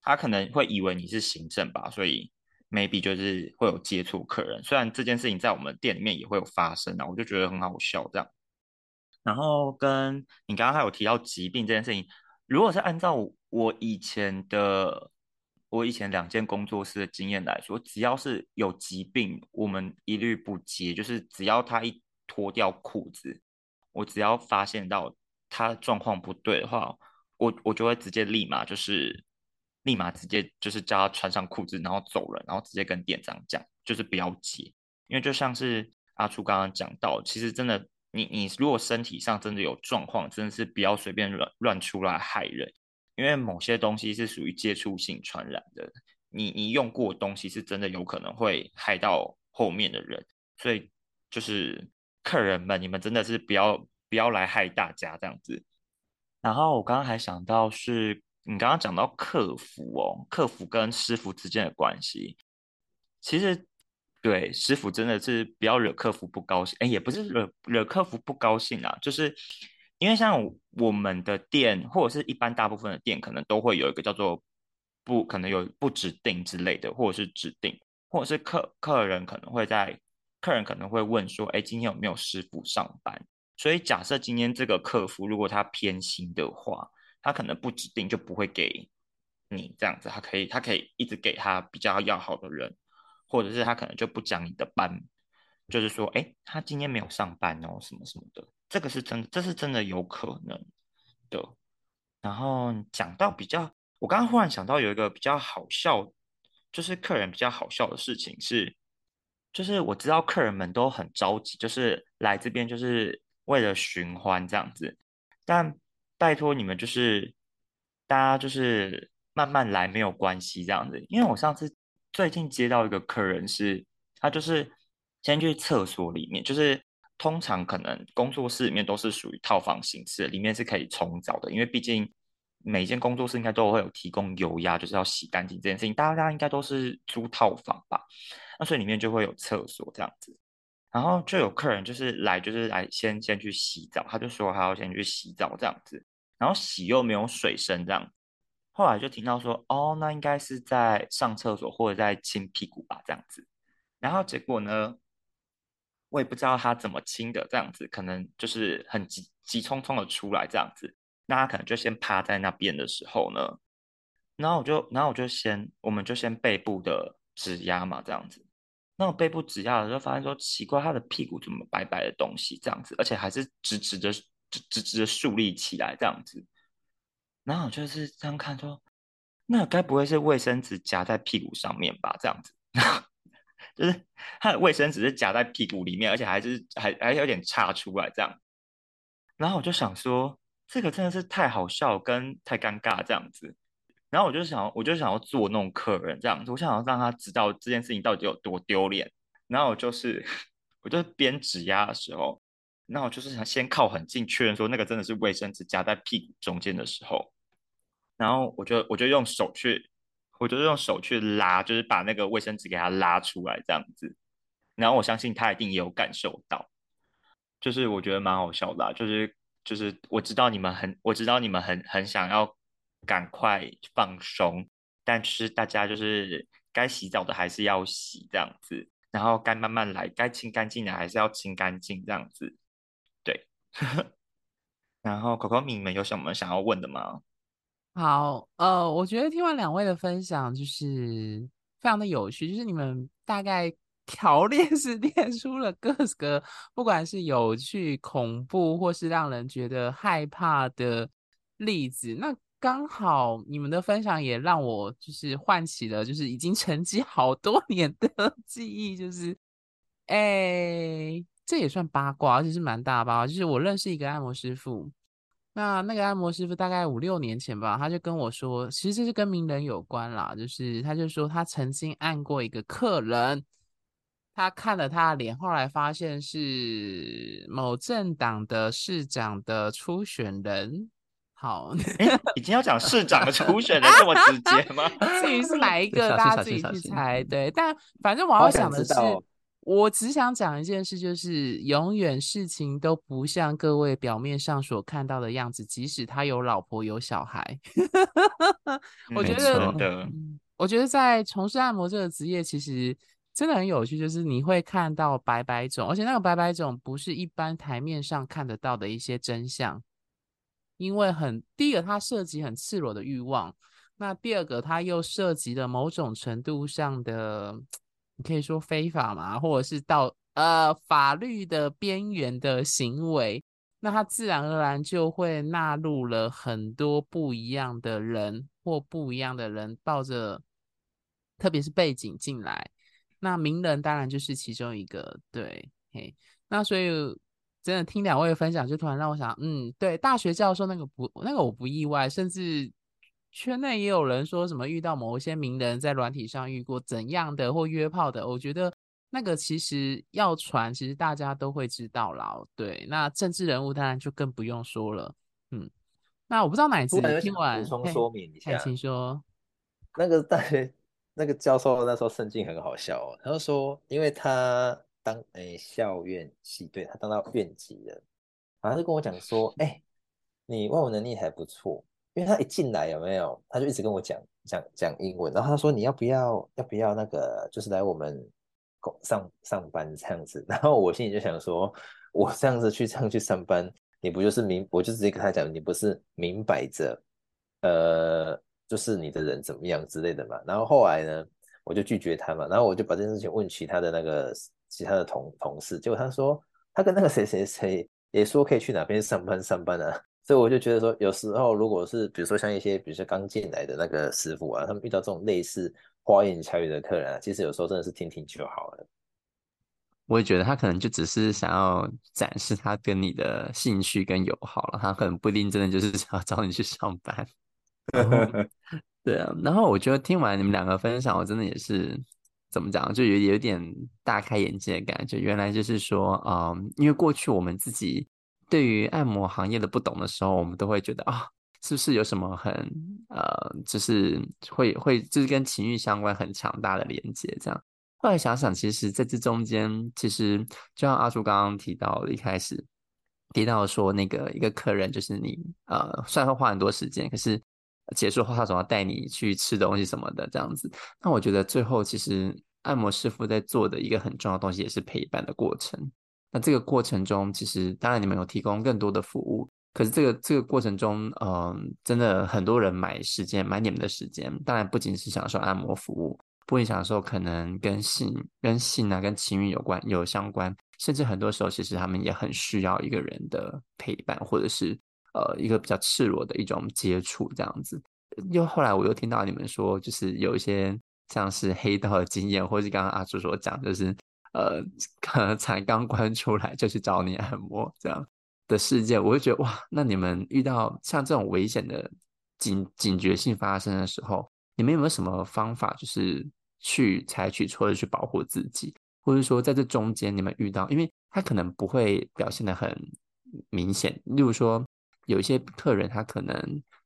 他可能會以為你是行政吧，所以 maybe 就是會有接觸客人。雖然這件事情在我們店裡面也會有發生啊，我就覺得很好笑這樣。然後跟你剛剛還有提到疾病這件事情。如果是按照我以前的，我以前兩間工作室的經驗來說，只要是有疾病，我們一律不接。就是只要他一脫掉褲子，我只要發現到他狀況不對的話，我我就會直接立馬就是，立馬直接就是叫他穿上褲子，然後走了，然後直接跟店長講，就是不要接。因為就像是阿初剛剛講到，其實真的。你你如果身體上真的有狀況，真的是不要隨便亂亂出來害人，因為某些東西是屬於接觸性傳染的，你你用過東西是真的有可能會害到後面的人，所以就是客人們，你們真的是不要不要來害大家這樣子。然後我剛剛還想到是你剛剛講到客服哦，客服跟師傅之間的關係，其實。對，師傅真的是不要惹客服不高興。哎，也不是惹惹客服不高興啦，啊，就是因為像我們的店或者是一般大部分的店，可能都會有一個叫做不可能有不指定之類的，或者是指定，或者是客客人可能會在客人可能會問說，哎，今天有沒有師傅上班？所以假設今天這個客服如果他偏心的話，他可能不指定就不會給你這樣子，他可以他可以一直給他比較要好的人。或者是他可能就不講你的班，就是說，哎，他今天沒有上班哦，什麼什麼的，這個是真的，這是真的有可能的。然後講到比較，我剛剛忽然想到有一個比較好笑，就是客人比較好笑的事情是，就是我知道客人們都很着急，就是來這邊就是為了尋歡這樣子，但拜托你們就是大家就是慢慢來沒有關係這樣子，因為我上次。最近接到一個客人是，是他就是先去廁所裡面，就是通常可能工作室裡面都是屬於套房形式，裡面是可以沖澡的，因為畢竟每一間工作室應該都會有提供油壓，就是要洗乾淨這件事情，大家應該都是租套房吧，那所以裡面就會有廁所這樣子，然後就有客人就是來就是來先先去洗澡，他就說他要先去洗澡這樣子，然後洗又沒有水聲這樣子。後來就聽到說，哦，那應該是在上廁所或者在清屁股吧，這樣子。然後結果呢，我也不知道他怎麼清的，這樣子，可能就是很急急匆匆的出來這樣子。那他可能就先趴在那邊的時候呢，然後我就，然後我就先，我們就先背部的指壓嘛，這樣子。那我背部指壓的時候，發現說奇怪，他的屁股怎麼白白的東西這樣子，而且還是直直的，直直直的豎立起來這樣子。然後我就是這樣看說，說那該不會是衛生紙夾在屁股上面吧？這樣子，然後就是他的衛生紙是夾在屁股裡面，而且還、就是還還有點插出來這樣。然後我就想說，這個真的是太好笑跟太尷尬這樣子。然後我就想，我就想要做那種客人這樣子，我想要讓他知道這件事情到底有多丟臉。然後我就是，我就邊指壓的時候，然後我就是想先靠很近確認說，那個真的是衛生紙夾在屁股中間的時候。然後我就我就用手去，我就用手去拉，就是把那個衛生紙給它拉出來這樣子。然後我相信他一定也有感受到，就是我覺得蠻好笑的啊。就是就是我知道你們很，我知道你們很很想要趕快放鬆，但是大家就是該洗澡的還是要洗這樣子，然後該慢慢來，該清乾淨的還是要清乾淨這樣子。對。 [LAUGHS] 然後，可可米們有什麼想要問的嗎？好，呃，我覺得聽完兩位的分享，就是非常的有趣，就是你們大概條列式列出了各個，不管是有趣、恐怖或是讓人覺得害怕的例子。那剛好你們的分享也讓我就是喚起了，就是已經沉寂好多年的記憶，就是哎，這也算八卦，而且是蠻大八卦，就是我認識一個按摩師傅。那那個按摩師傅大概五六年前吧，他就跟我說，其實這是跟名人有關啦。就是他就說他曾經按過一個客人，他看了他的臉，後來發現是某政黨的市長的初選人。好，欸？已經要講市長的初選人這麼直接嗎？ [LAUGHS] 啊、哈哈，至於是哪一個，大家自己去猜。對，但反正我要想的是。我只想講一件事，就是永遠事情都不像各位表面上所看到的樣子。即使他有老婆有小孩， [LAUGHS] 我覺得，我覺得在從事按摩這個職業，其實真的很有趣，就是你會看到百百種，而且那個百百種不是一般台面上看得到的一些真相，因為很，第一個它涉及很赤裸的慾望，那第二個它又涉及了某種程度上的。你可以說非法嘛，或者是到呃法律的邊緣的行為，那他自然而然就會納入了很多不一樣的人或不一樣的人抱着，特別是背景進來，那名人當然就是其中一個，對，嘿，那所以真的聽兩位的分享，就突然讓我想，嗯，對，大學教授那個不，那個我不意外，甚至。圈內也有人說什麼遇到某一些名人，在軟體上遇過怎樣的或約炮的，我覺得那個其實要傳，其實大家都會知道啦。對，那政治人物當然就更不用說了。嗯，那我不知道哪位聽完補充說明一下，你先說。那個大學那個教授那時候聖經很好笑哦，他就說，因為他當哎、欸、校院系，對他當到院級的，他就跟我講說，哎、欸，你外語能力還不錯。因為他一進來有沒有，他就一直跟我講講講英文，然後他說，你要不要要不要那個，就是來我們公上上班這樣子，然後我心裡就想說，我這樣子去這樣去上班，你不就是明我就直接跟他講，你不是明擺着，呃，就是你的人怎麼樣之類的嘛。然後後來呢，我就拒絕他嘛，然後我就把這件事情問其他的那個其他的同同事，結果他說他跟那個誰誰誰誰也說可以去哪邊上班上班啊。所以我就覺得說，有時候如果是比如說像一些，比如說剛進來的那個師傅啊，他們遇到這種類似花言巧語的客人啊，其實有時候真的是聽聽就好了。我也覺得他可能就只是想要展示他跟你的興趣跟友好了，他可能不一定真的就是想要找你去上班。 [LAUGHS] 對啊，然後我覺得聽完你們兩個分享，我真的也是怎麼講，就有有點大開眼界的感覺。原來就是說，嗯，因為過去我們自己。對於按摩行業的不懂的時候，我們都會覺得啊、哦，是不是有什麼很呃，就是會會就是跟情欲相關很強大的連接這樣。後來想想，其實在這中間，其實就像阿叔剛剛提到，一開始提到說那個一個客人就是你呃，雖然會花很多時間，可是結束後他總要帶你去吃東西什麼的這樣子。那我覺得最後其實按摩師傅在做的一個很重要的東西，也是陪伴的過程。那這個過程中，其實當然你們有提供更多的服務，可是這個這個過程中，嗯、呃，真的很多人買時間，買你們的時間，當然不僅是享受按摩服務，不僅享受可能跟性、跟性啊、跟情慾有關有相關，甚至很多時候其實他們也很需要一個人的陪伴，或者是呃一個比較赤裸的一種接觸這樣子。又後來我又聽到你們說，就是有一些像是黑道的經驗，或是剛剛阿叔所講，就是。呃，可能才剛關出來就去找你按摩，這樣的事件，我就覺得哇，那你們遇到像這種危險的警警覺性發生的時候，你們有沒有什麼方法，就是去採取措施去保護自己，或者說在這中間你們遇到，因為他可能不會表現得很明顯，例如說有一些客人他可能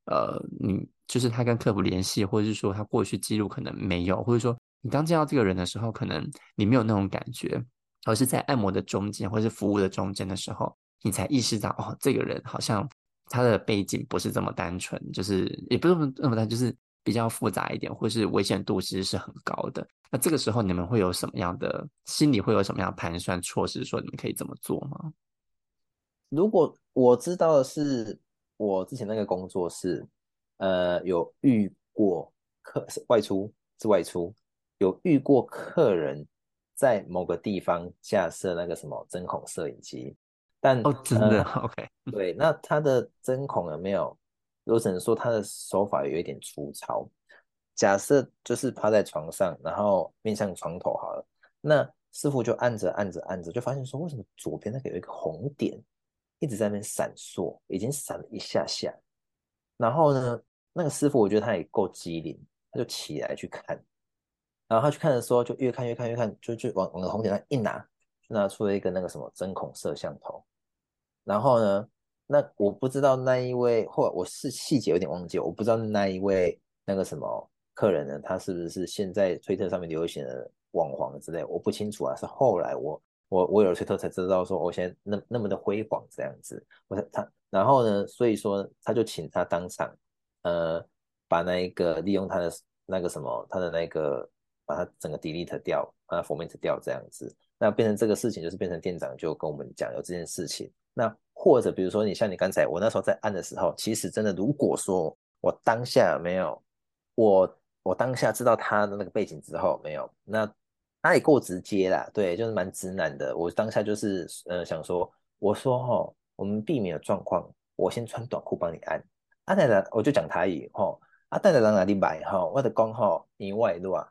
呃，你就是他跟客服聯繫，或者是說他過去記錄可能沒有，或者說。你剛見到這個人的時候，可能你沒有那種感覺，而是在按摩的中間或是服務的中間的時候，你才意識到哦，這個人好像他的背景不是這麼單純，就是也不是那麼單純，就是比較複雜一點，或是危險度其實是很高的。那這個時候你們會有什麼樣的心裡會有什麼樣的盤算措施？說你們可以這麼做嗎？如果我知道的是，我之前那個工作是呃有遇過客外出是外出。有遇過客人在某個地方架設那個什麼針孔攝影機，但哦，真的、呃、OK 對，那他的針孔有沒有？我只能說他的手法有一點粗糙。假設就是趴在床上，然後面向床頭好了，那師傅就按着按着按着，就發現說為什麼左邊那個有一個紅點一直在那邊閃爍，已經閃了一下下。然後呢，那個師傅我覺得他也夠機靈，他就起來去看。然後他去看的時候，就越看越看越看，就就往往那個紅點上一拿，就拿出了一個那個什麼針孔攝像頭。然後呢，那我不知道那一位或我是細節有點忘記，我不知道那一位那個什麼客人呢，他是不是現在推特上面流行的網紅之類，我不清楚啊。是後來我我我有了推特才知道說，我現在那那麼的輝煌這樣子。我他，然後呢，所以說他就請他當場呃，把那一個利用他的那個什麼他的那個。把它整個 delete 掉，把它 format 掉，這樣子，那變成這個事情就是變成店長就跟我們講有這件事情。那或者比如說你像你剛才我那時候在按的時候，其實真的如果說我當下沒有我我當下知道他的那個背景之後沒有，那他也夠直接啦，對，就是蠻直男的。我當下就是呃想說，我說哦，我們避免有狀況，我先穿短褲幫你按。阿蛋蛋，我就講台語哦，阿蛋蛋在哪裡買哈？我的剛好你外對吧？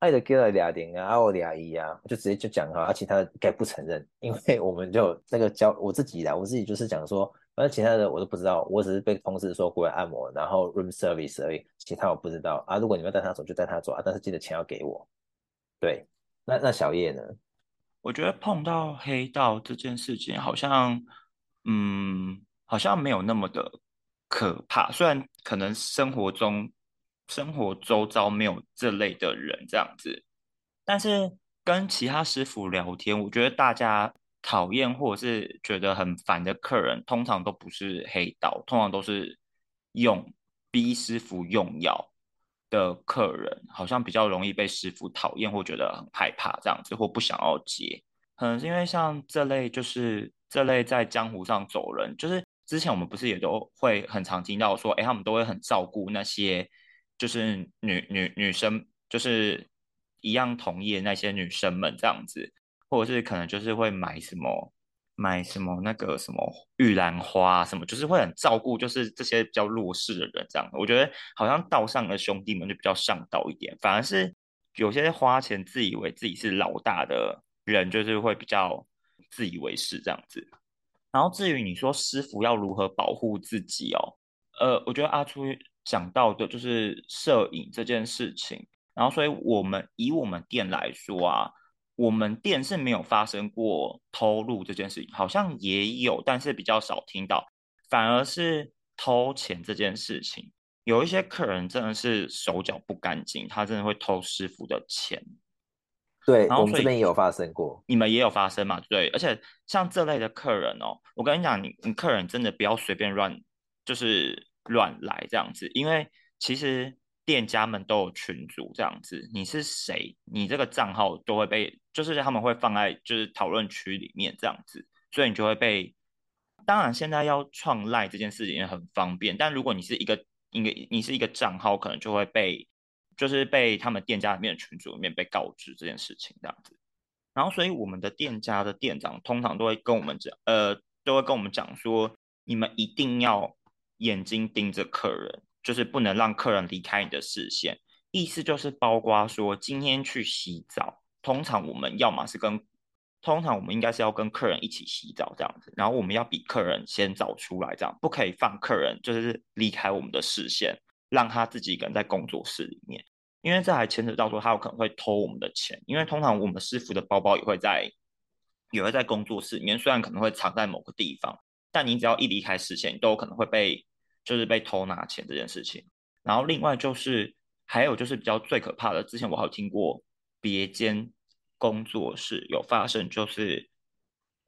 愛的給了倆零啊，啊我倆一啊，我就直接就講哈，啊、其他概不承認，因為我們就那個交我自己來，我自己就是講說，反正其他的我都不知道，我只是被通知說過來按摩，然後 room service 而已，其他我不知道啊。如果你們帶他走，就帶他走啊，但是記得錢要給我。對，那那小葉呢？我覺得碰到黑道這件事情，好像，嗯，好像沒有那麼的可怕，雖然可能生活中。生活周遭沒有這類的人這樣子，但是跟其他師傅聊天，我覺得大家討厭或者是覺得很煩的客人，通常都不是黑道，通常都是用逼師傅用藥的客人，好像比較容易被師傅討厭或覺得很害怕這樣子，或不想要接。可能是因為像這類就是這類在江湖上走人，就是之前我們不是也都會很常聽到說，哎，他們都會很照顧那些。就是女女女生，就是一樣同意的那些女生們這樣子，或者是可能就是會買什麼買什麼那個什麼玉蘭花、啊、什麼，就是會很照顧，就是這些比較弱勢的人這樣。我覺得好像道上的兄弟們就比較上道一點，反而是有些花錢自以為自己是老大的人，就是會比較自以為是這樣子。然後至於你說師傅要如何保護自己哦，呃，我覺得阿初。想到的就是攝影這件事情，然後所以我們以我們店來說啊，我們店是沒有發生過偷錄這件事情，好像也有，但是比較少聽到，反而是偷錢這件事情，有一些客人真的是手腳不乾淨，他真的會偷師傅的錢。對，然後我們這邊也有發生過，你們也有發生嘛？對，而且像這類的客人哦，我跟你講，你你客人真的不要隨便亂，就是。亂來這樣子，因為其實店家們都有群組這樣子，你是誰，你這個賬號都會被，就是他們會放在就是討論區裡面這樣子，所以你就會被。當然，現在要創賴這件事情很方便，但如果你是一個一個你是一個賬號，可能就會被，就是被他們店家裡面的群組裡面被告知這件事情這樣子。然後，所以我們的店家的店長通常都會跟我們講，呃，都會跟我們講說，你們一定要。眼睛盯着客人，就是不能讓客人離開你的視線。意思就是，包括說今天去洗澡，通常我們要麼是跟，通常我們應該是要跟客人一起洗澡這樣子，然後我們要比客人先早出來，這樣不可以放客人就是離開我們的視線，讓他自己一個人在工作室裡面，因為這還牽扯到說他有可能會偷我們的錢，因為通常我們師傅的包包也會在，也會在工作室裡面，雖然可能會藏在某個地方，但你只要一離開視線，都有可能會被。就是被偷拿錢這件事情，然後另外就是還有就是比較最可怕的，之前我還有聽過別間工作室有發生，就是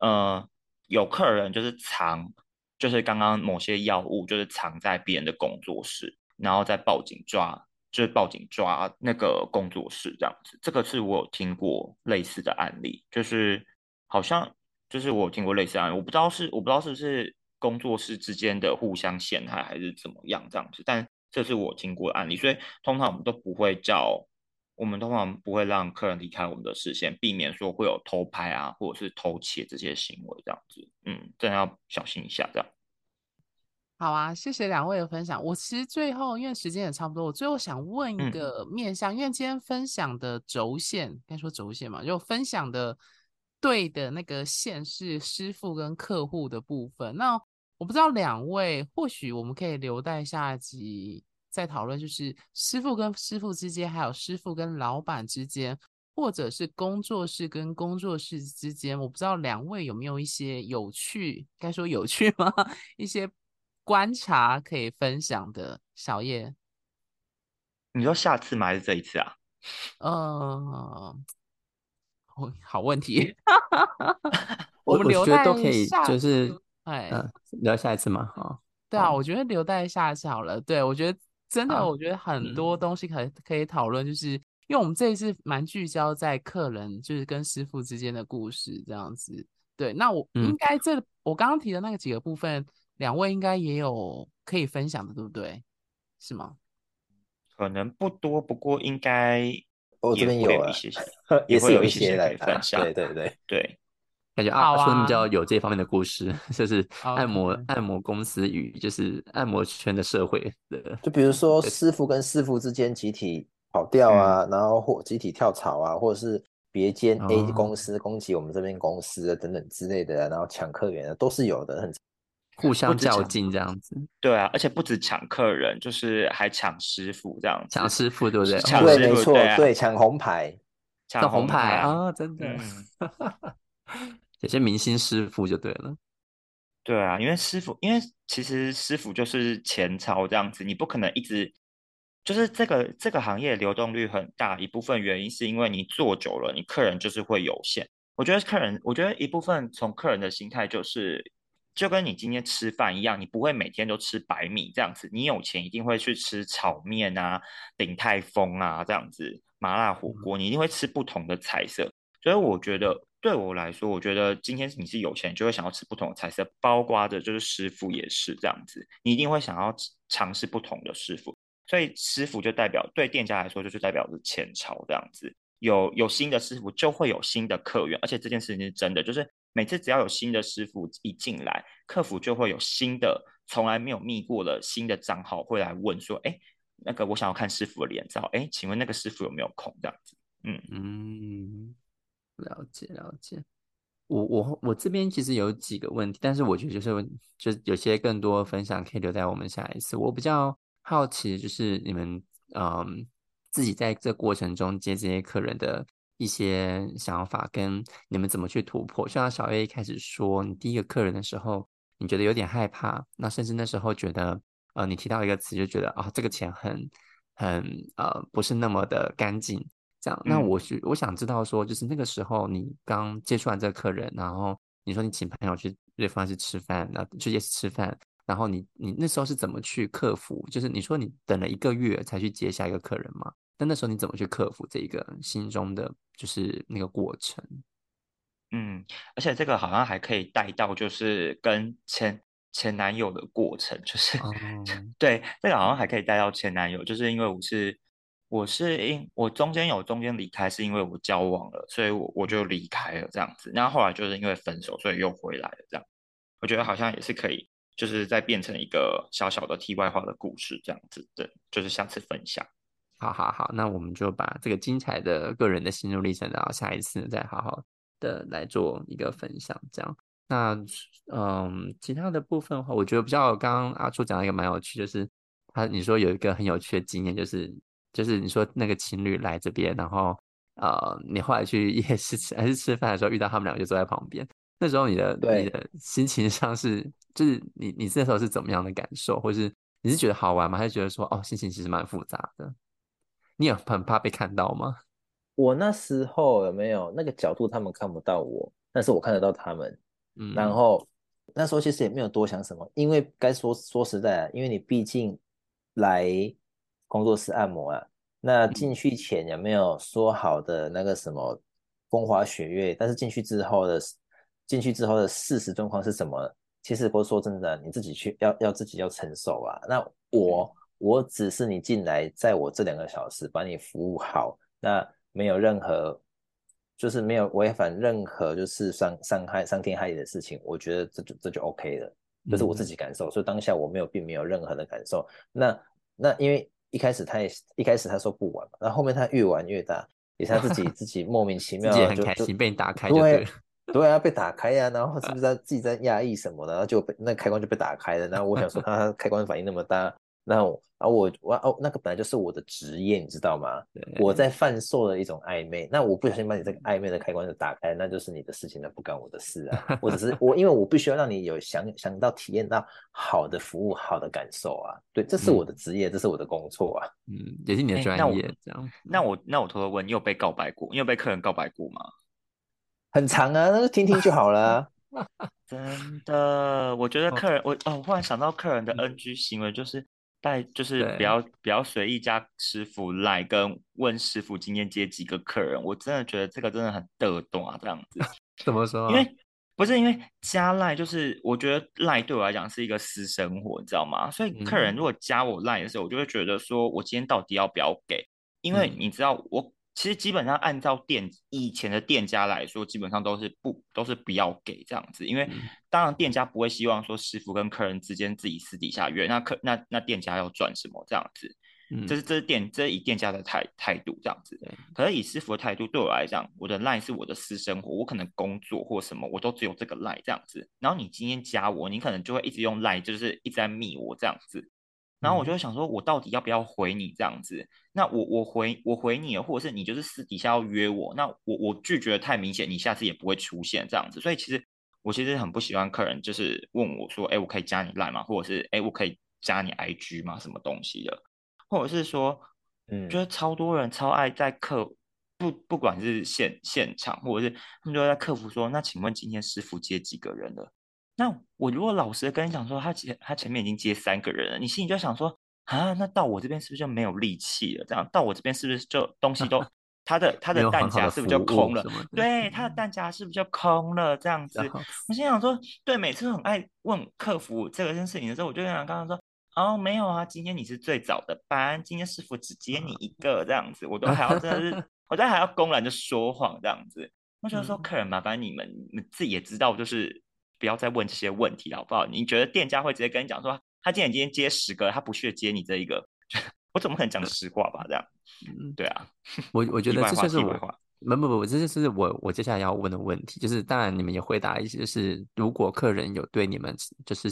呃有客人就是藏，就是剛剛某些藥物就是藏在別人的工作室，然後再報警抓，就是報警抓那個工作室這樣子。這個是我有聽過類似的案例，就是好像就是我有聽過類似的案例，我不知道是我不知道是不是。工作室之間的互相陷害還是怎麼樣這樣子？但這是我經過的案例，所以通常我們都不會叫，我們通常不會讓客人離開我們的視線，避免說會有偷拍啊或者是偷竊這些行為這樣子。嗯，真要小心一下這樣。好啊，謝謝兩位的分享。我其實最後因為時間也差不多，我最後想問一個面向，嗯、因為今天分享的軸線應該說軸線嘛，就分享的對的那個線是師傅跟客戶的部分，那。我不知道兩位，或許我們可以留待下一集再討論，就是師傅跟師傅之間，還有師傅跟老闆之間，或者是工作室跟工作室之間。我不知道兩位有沒有一些有趣，該說有趣嗎？一些觀察可以分享的。小葉，你說下次嗎？還是這一次啊？嗯、呃，好問題， [LAUGHS] 我我覺得都可以，就是。哎，聊、嗯、下一次嘛？哈，對啊，我覺得留待下一次好了。對，我覺得真的，我覺得很多東西可、嗯、可以討論，就是因為我們這一次蠻聚焦在客人就是跟師傅之間的故事這樣子。對，那我應該這、嗯、我剛剛提的那個幾個部分，兩位應該也有可以分享的，對不對？是嗎？可能不多，不過應該我這邊有一些，也會有一些， [LAUGHS] 有一些， [LAUGHS] 有一些 [LAUGHS] 來分享。對對對對，對。感覺啊，比較有這方面的故事，就是按摩按摩公司與就是按摩圈的社會的，就比如說師傅跟師傅之間集體跑掉啊，然後或集體跳槽啊，或者是別間 A 公司攻擊我們這邊公司、啊、等等之類的、啊，然後搶客源、啊、都是有的，很、哦、互相較勁這樣子。對啊，而且不止搶客人，就是還搶師傅這樣，搶師傅對不對？對、啊，沒錯，對，搶紅牌，搶紅、紅牌啊、啊，真的。 [LAUGHS] 這些明星師傅就對了，對啊，因為師傅，因為其實師傅就是錢鈔這樣子，你不可能一直就是這個這個行業流動率很大，一部分原因是因為你做久了，你客人就是會有限。我覺得客人，我覺得一部分從客人的心態就是，就跟你今天吃飯一樣，你不會每天都吃白米這樣子，你有錢一定會去吃炒麵啊、鼎泰豐啊這樣子、麻辣火鍋，你一定會吃不同的菜色。嗯所以我覺得，對我來說，我覺得今天你是有錢，就會想要吃不同的菜色包括的，就是師傅也是這樣子，你一定會想要嘗試不同的師傅。所以師傅就代表對店家來說，就是代表着錢潮這樣子。有有新的師傅，就會有新的客源，而且這件事情是真的，就是每次只要有新的師傅一進來，客服就會有新的從來沒有密過的新的賬號會來問說：“哎，那個我想要看師傅的臉照，哎，請問那個師傅有沒有空？”這樣子，嗯嗯。了解了解，我我我這邊其實有幾個問題，但是我覺得就是就有些更多分享可以留在我們下一次。我比較好奇就是你們嗯、呃、自己在這過程中接這些客人的一些想法跟你們怎麼去突破。像小月一開始說你第一個客人的時候，你覺得有點害怕，那甚至那時候覺得呃，你提到一個詞就覺得啊、哦、這個錢很很呃不是那麼的乾淨。這樣，那我是、嗯、我想知道說，說就是那個時候你剛接觸完這個客人，然後你說你請朋友去對方去吃飯，然後去夜市吃飯，然後你你那時候是怎麼去克服？就是你說你等了一個月才去接下一個客人嘛？但那時候你怎麼去克服這一個心中的就是那個過程？嗯，而且這個好像還可以帶到，就是跟前前男友的過程，就是、嗯、 [LAUGHS] 對這個好像還可以帶到前男友，就是因為我是。我是因我中間有中間離開，是因為我交往了，所以我我就離開了這樣子。然後後來就是因為分手，所以又回來了這樣。我覺得好像也是可以，就是再變成一個小小的題外話的故事這樣子對，就是下次分享。好好好，那我們就把這個精彩的個人的心路歷程，然後下一次再好好的來做一個分享這樣。那嗯，其他的部分的話，我覺得不知道剛剛阿初講了一個蠻有趣，就是他你說有一個很有趣的經驗，就是。就是你說那個情侶來這邊，然後呃，你後來去夜市吃還是吃飯的時候遇到他們兩個就坐在旁邊，那時候你的你的心情像是就是你你那時候是怎麼樣的感受，或是你是覺得好玩嗎？還是覺得說哦心情其實蠻複雜的？你有很怕被看到嗎？我那時候有沒有那個角度他們看不到我，但是我看得到他們。嗯，然後那時候其實也沒有多想什麼，因為該說說實在啊，因為你畢竟來。工作室按摩啊，那進去前有沒有說好的那個什麼風花雪月？但是進去之後的，進去之後的事實狀況是什麼呢？其實，不是說真的，你自己去要要自己要承受啊。那我我只是你進來，在我這兩個小時把你服務好，那沒有任何就是沒有違反任何就是傷傷害傷天害理的事情，我覺得這就這就 OK 的，就是我自己感受。嗯、所以當下我沒有並沒有任何的感受。那那因為。一開始他也一開始他說不玩，然後後面他越玩越大，也是他自己自己莫名其妙就 [LAUGHS] 很開心就就被，打開就、啊、 [LAUGHS] 被打開，對對啊被打開呀，然後是不是他自己在壓抑什麼的，然後就被那開關就被打開了，然後我想說他， [LAUGHS] 他開關反應那麼大。那啊、哦，我我哦，那個本來就是我的職業，你知道嗎？我在販售的一種曖昧。那我不小心把你這個曖昧的開關就打開那就是你的事情，那不干我的事啊。 [LAUGHS] 我只是我，因為我必須要讓你有想想到體驗到好的服務、好的感受啊。對，這是我的職業、嗯，這是我的工作啊。嗯，也是你的專業、欸。這樣，那我那我偷偷問，你有被告白過？你有被客人告白過嗎？很長啊，那就聽聽就好了。 [LAUGHS] 真的，我覺得客人，我哦，忽然想到客人的 NG 行為就是。但就是比較比較隨意，加師傅賴，跟問師傅今天接幾個客人，我真的覺得這個真的很得懂啊，這樣子。 [LAUGHS] 怎麼說？因為不是因為加賴，就是我覺得賴對我來講是一個私生活，你知道嗎？所以客人如果加我賴的時候、嗯，我就會覺得說，我今天到底要不要給？因為你知道我。嗯其實基本上按照店以前的店家來說，基本上都是不都是不要給這樣子，因為當然店家不會希望說師傅跟客人之間自己私底下約，那客那那店家要賺什麼這樣子，這是這是店這是以店家的態態度這樣子，可是以師傅的態度對我來講，我的 line 是我的私生活，我可能工作或什麼我都只有這個 line 這樣子，然後你今天加我，你可能就會一直用 line，就是一直在密我這樣子。然後我就想說，我到底要不要回你這樣子？那我我回我回你，或者是你就是私底下要約我，那我我拒絕的太明顯，你下次也不會出現這樣子。所以其實我其實很不喜歡客人就是問我說，哎、欸，我可以加你 LINE 嗎？或者是哎、欸，我可以加你 IG 嗎？什麼東西的？或者是說，嗯，覺得超多人超愛在客不不管是現現場或者是他們都在客服說，那請問今天師傅接幾個人了？那我如果老實的跟你講說，他前他前面已經接三個人了，你心裡就想說啊，那到我這邊是不是就沒有力氣了？這樣到我這邊是不是就東西都他的他的，他的彈夾是不是就空了？對，他的彈夾是不是就空了？這樣子，我心想說，對，每次很愛問客服這個事情的時候，我就想剛剛說哦，沒有啊，今天你是最早的班，今天師傅只接你一個這樣子，我都還要真的是， [LAUGHS] 我都還要公然的說謊這樣子，我就說客人麻煩你們，你們自己也知道，就是。不要再問這些問題好不好？你覺得店家會直接跟你講說，他今天今天接十個，他不屑接你這一個， [LAUGHS] 我怎麼可能講實話吧？這樣，嗯、對啊，我我覺得這就是我話話，不不不，這就是我我接下來要問的問題，就是當然你們也回答一些，就是如果客人有對你們就是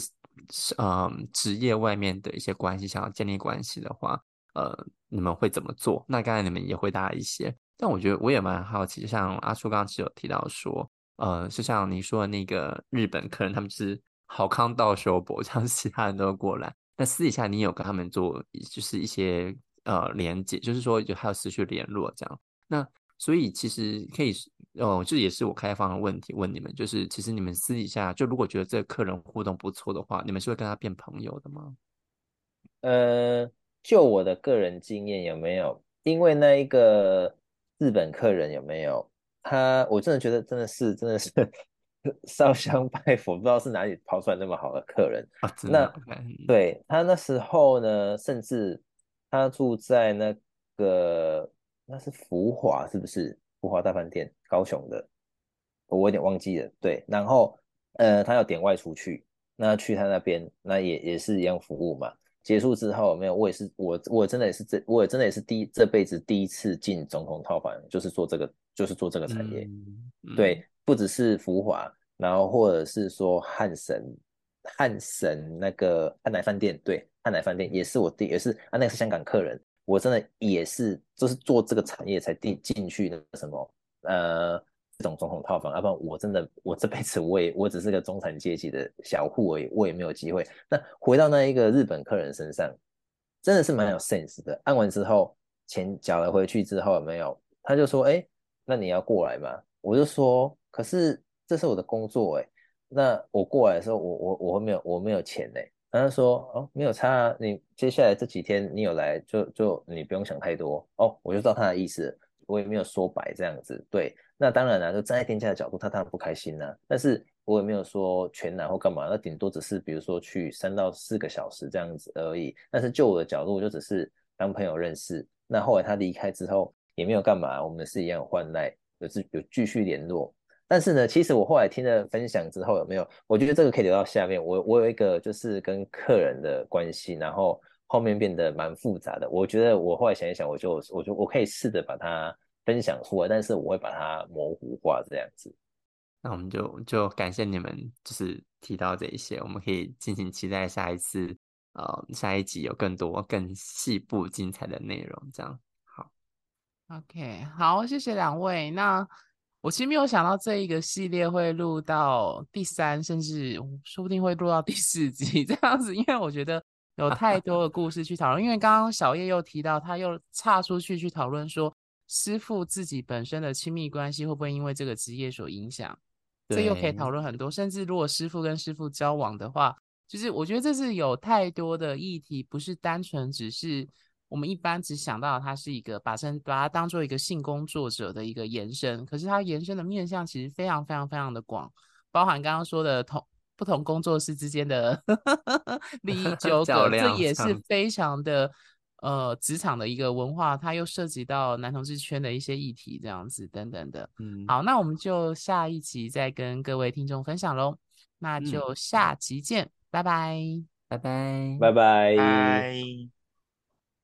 嗯、呃、職業外面的一些關係想要建立關係的話，呃，你們會怎麼做？那剛才你們也回答一些，但我覺得我也蠻好奇，像阿叔剛剛是有提到說。呃，就像你說的那個日本客人，他們是好康逗相報，這樣其他人都過來。那私底下你有跟他們做，就是一些呃連接，就是說就還有失去聯絡這樣。那所以其實可以，哦、呃，這也是我開放的問題問你們，就是其實你們私底下就如果覺得這個客人互動不錯的話，你們是會跟他變朋友的嗎？呃，就我的個人經驗有沒有？因為那一個日本客人有沒有？他，我真的覺得真的是，真的是燒香拜佛，不知道是哪裡跑出來那麼好的客人。Oh, 那、okay. 對，他那時候呢，甚至他住在那個那是福華是不是福華大飯店高雄的？我有點忘記了。對，然後呃，他要點外出去，那去他那邊，那也也是一樣服務嘛。結束之後沒有，我也是我，我真的也是這，我也真的也是第一，這輩子第一次進總統套房，就是做這個，就是做這個產業。嗯嗯、對，不只是福華，然後或者是說漢神，漢神那個漢來飯店，對，漢來飯店也是我第也是啊，那個是香港客人，我真的也是就是做這個產業才訂進去的什麼呃。這種總統套房，要不然我真的我這輩子我也我只是個中產階級的小戶而已，我也我也沒有機會。那回到那一個日本客人身上，真的是蠻有 sense 的。按完之後，錢繳了回去之後，沒有，他就說：“欸，那你要過來嗎？”我就說：“可是這是我的工作欸，那我過來的時候我，我我我沒有我沒有錢欸。”然後他說：“哦，沒有差啊，你接下來這幾天你有來就就你不用想太多哦。”我就知道他的意思，我也沒有說白這樣子，對。那當然啦、啊，就站在店家的角度，他當然不開心啦、啊。但是我也沒有說全然或幹嘛，那頂多只是比如說去三到四個小時這樣子而已。但是就我的角度，我就只是當朋友認識。那後來他離開之後也沒有幹嘛，我們是一樣換賴有有繼續聯絡。但是呢，其實我後來聽了分享之後，有沒有？我覺得這個可以留到下面。我我有一個就是跟客人的關係，然後後面變得蠻複雜的。我覺得我後來想一想，我就我就我可以試着把它。分享出來，但是我會把它模糊化這樣子。那我們就就感謝你們，就是提到這一些，我們可以敬請期待下一次，呃，下一集有更多更細部精彩的內容。這樣。好，OK，好，謝謝兩位。那我其實沒有想到這一個系列會錄到第三，甚至說不定會錄到第四集這樣子，因為我覺得有太多的故事去討論。 [LAUGHS] 因為剛剛小葉又提到，他又岔出去去討論說。師傅自己本身的親密關係會不會因為這個職業所影響？對。這又可以討論很多。甚至如果師傅跟師傅交往的話，就是我覺得這是有太多的議題，不是單純只是我們一般只想到他是一個把身把他當做一個性工作者的一個延伸，可是他延伸的面向其實非常非常非常的廣，包含剛剛說的同不同工作室之間的 [LAUGHS] 利益糾葛， [LAUGHS] 這也是非常的。呃，職場的一個文化，它又涉及到男同志圈的一些議題，這樣子等等的。嗯，好，那我們就下一集再跟各位聽眾分享嘍。那就下集見，拜、嗯、拜，拜拜，拜拜。Bye bye bye。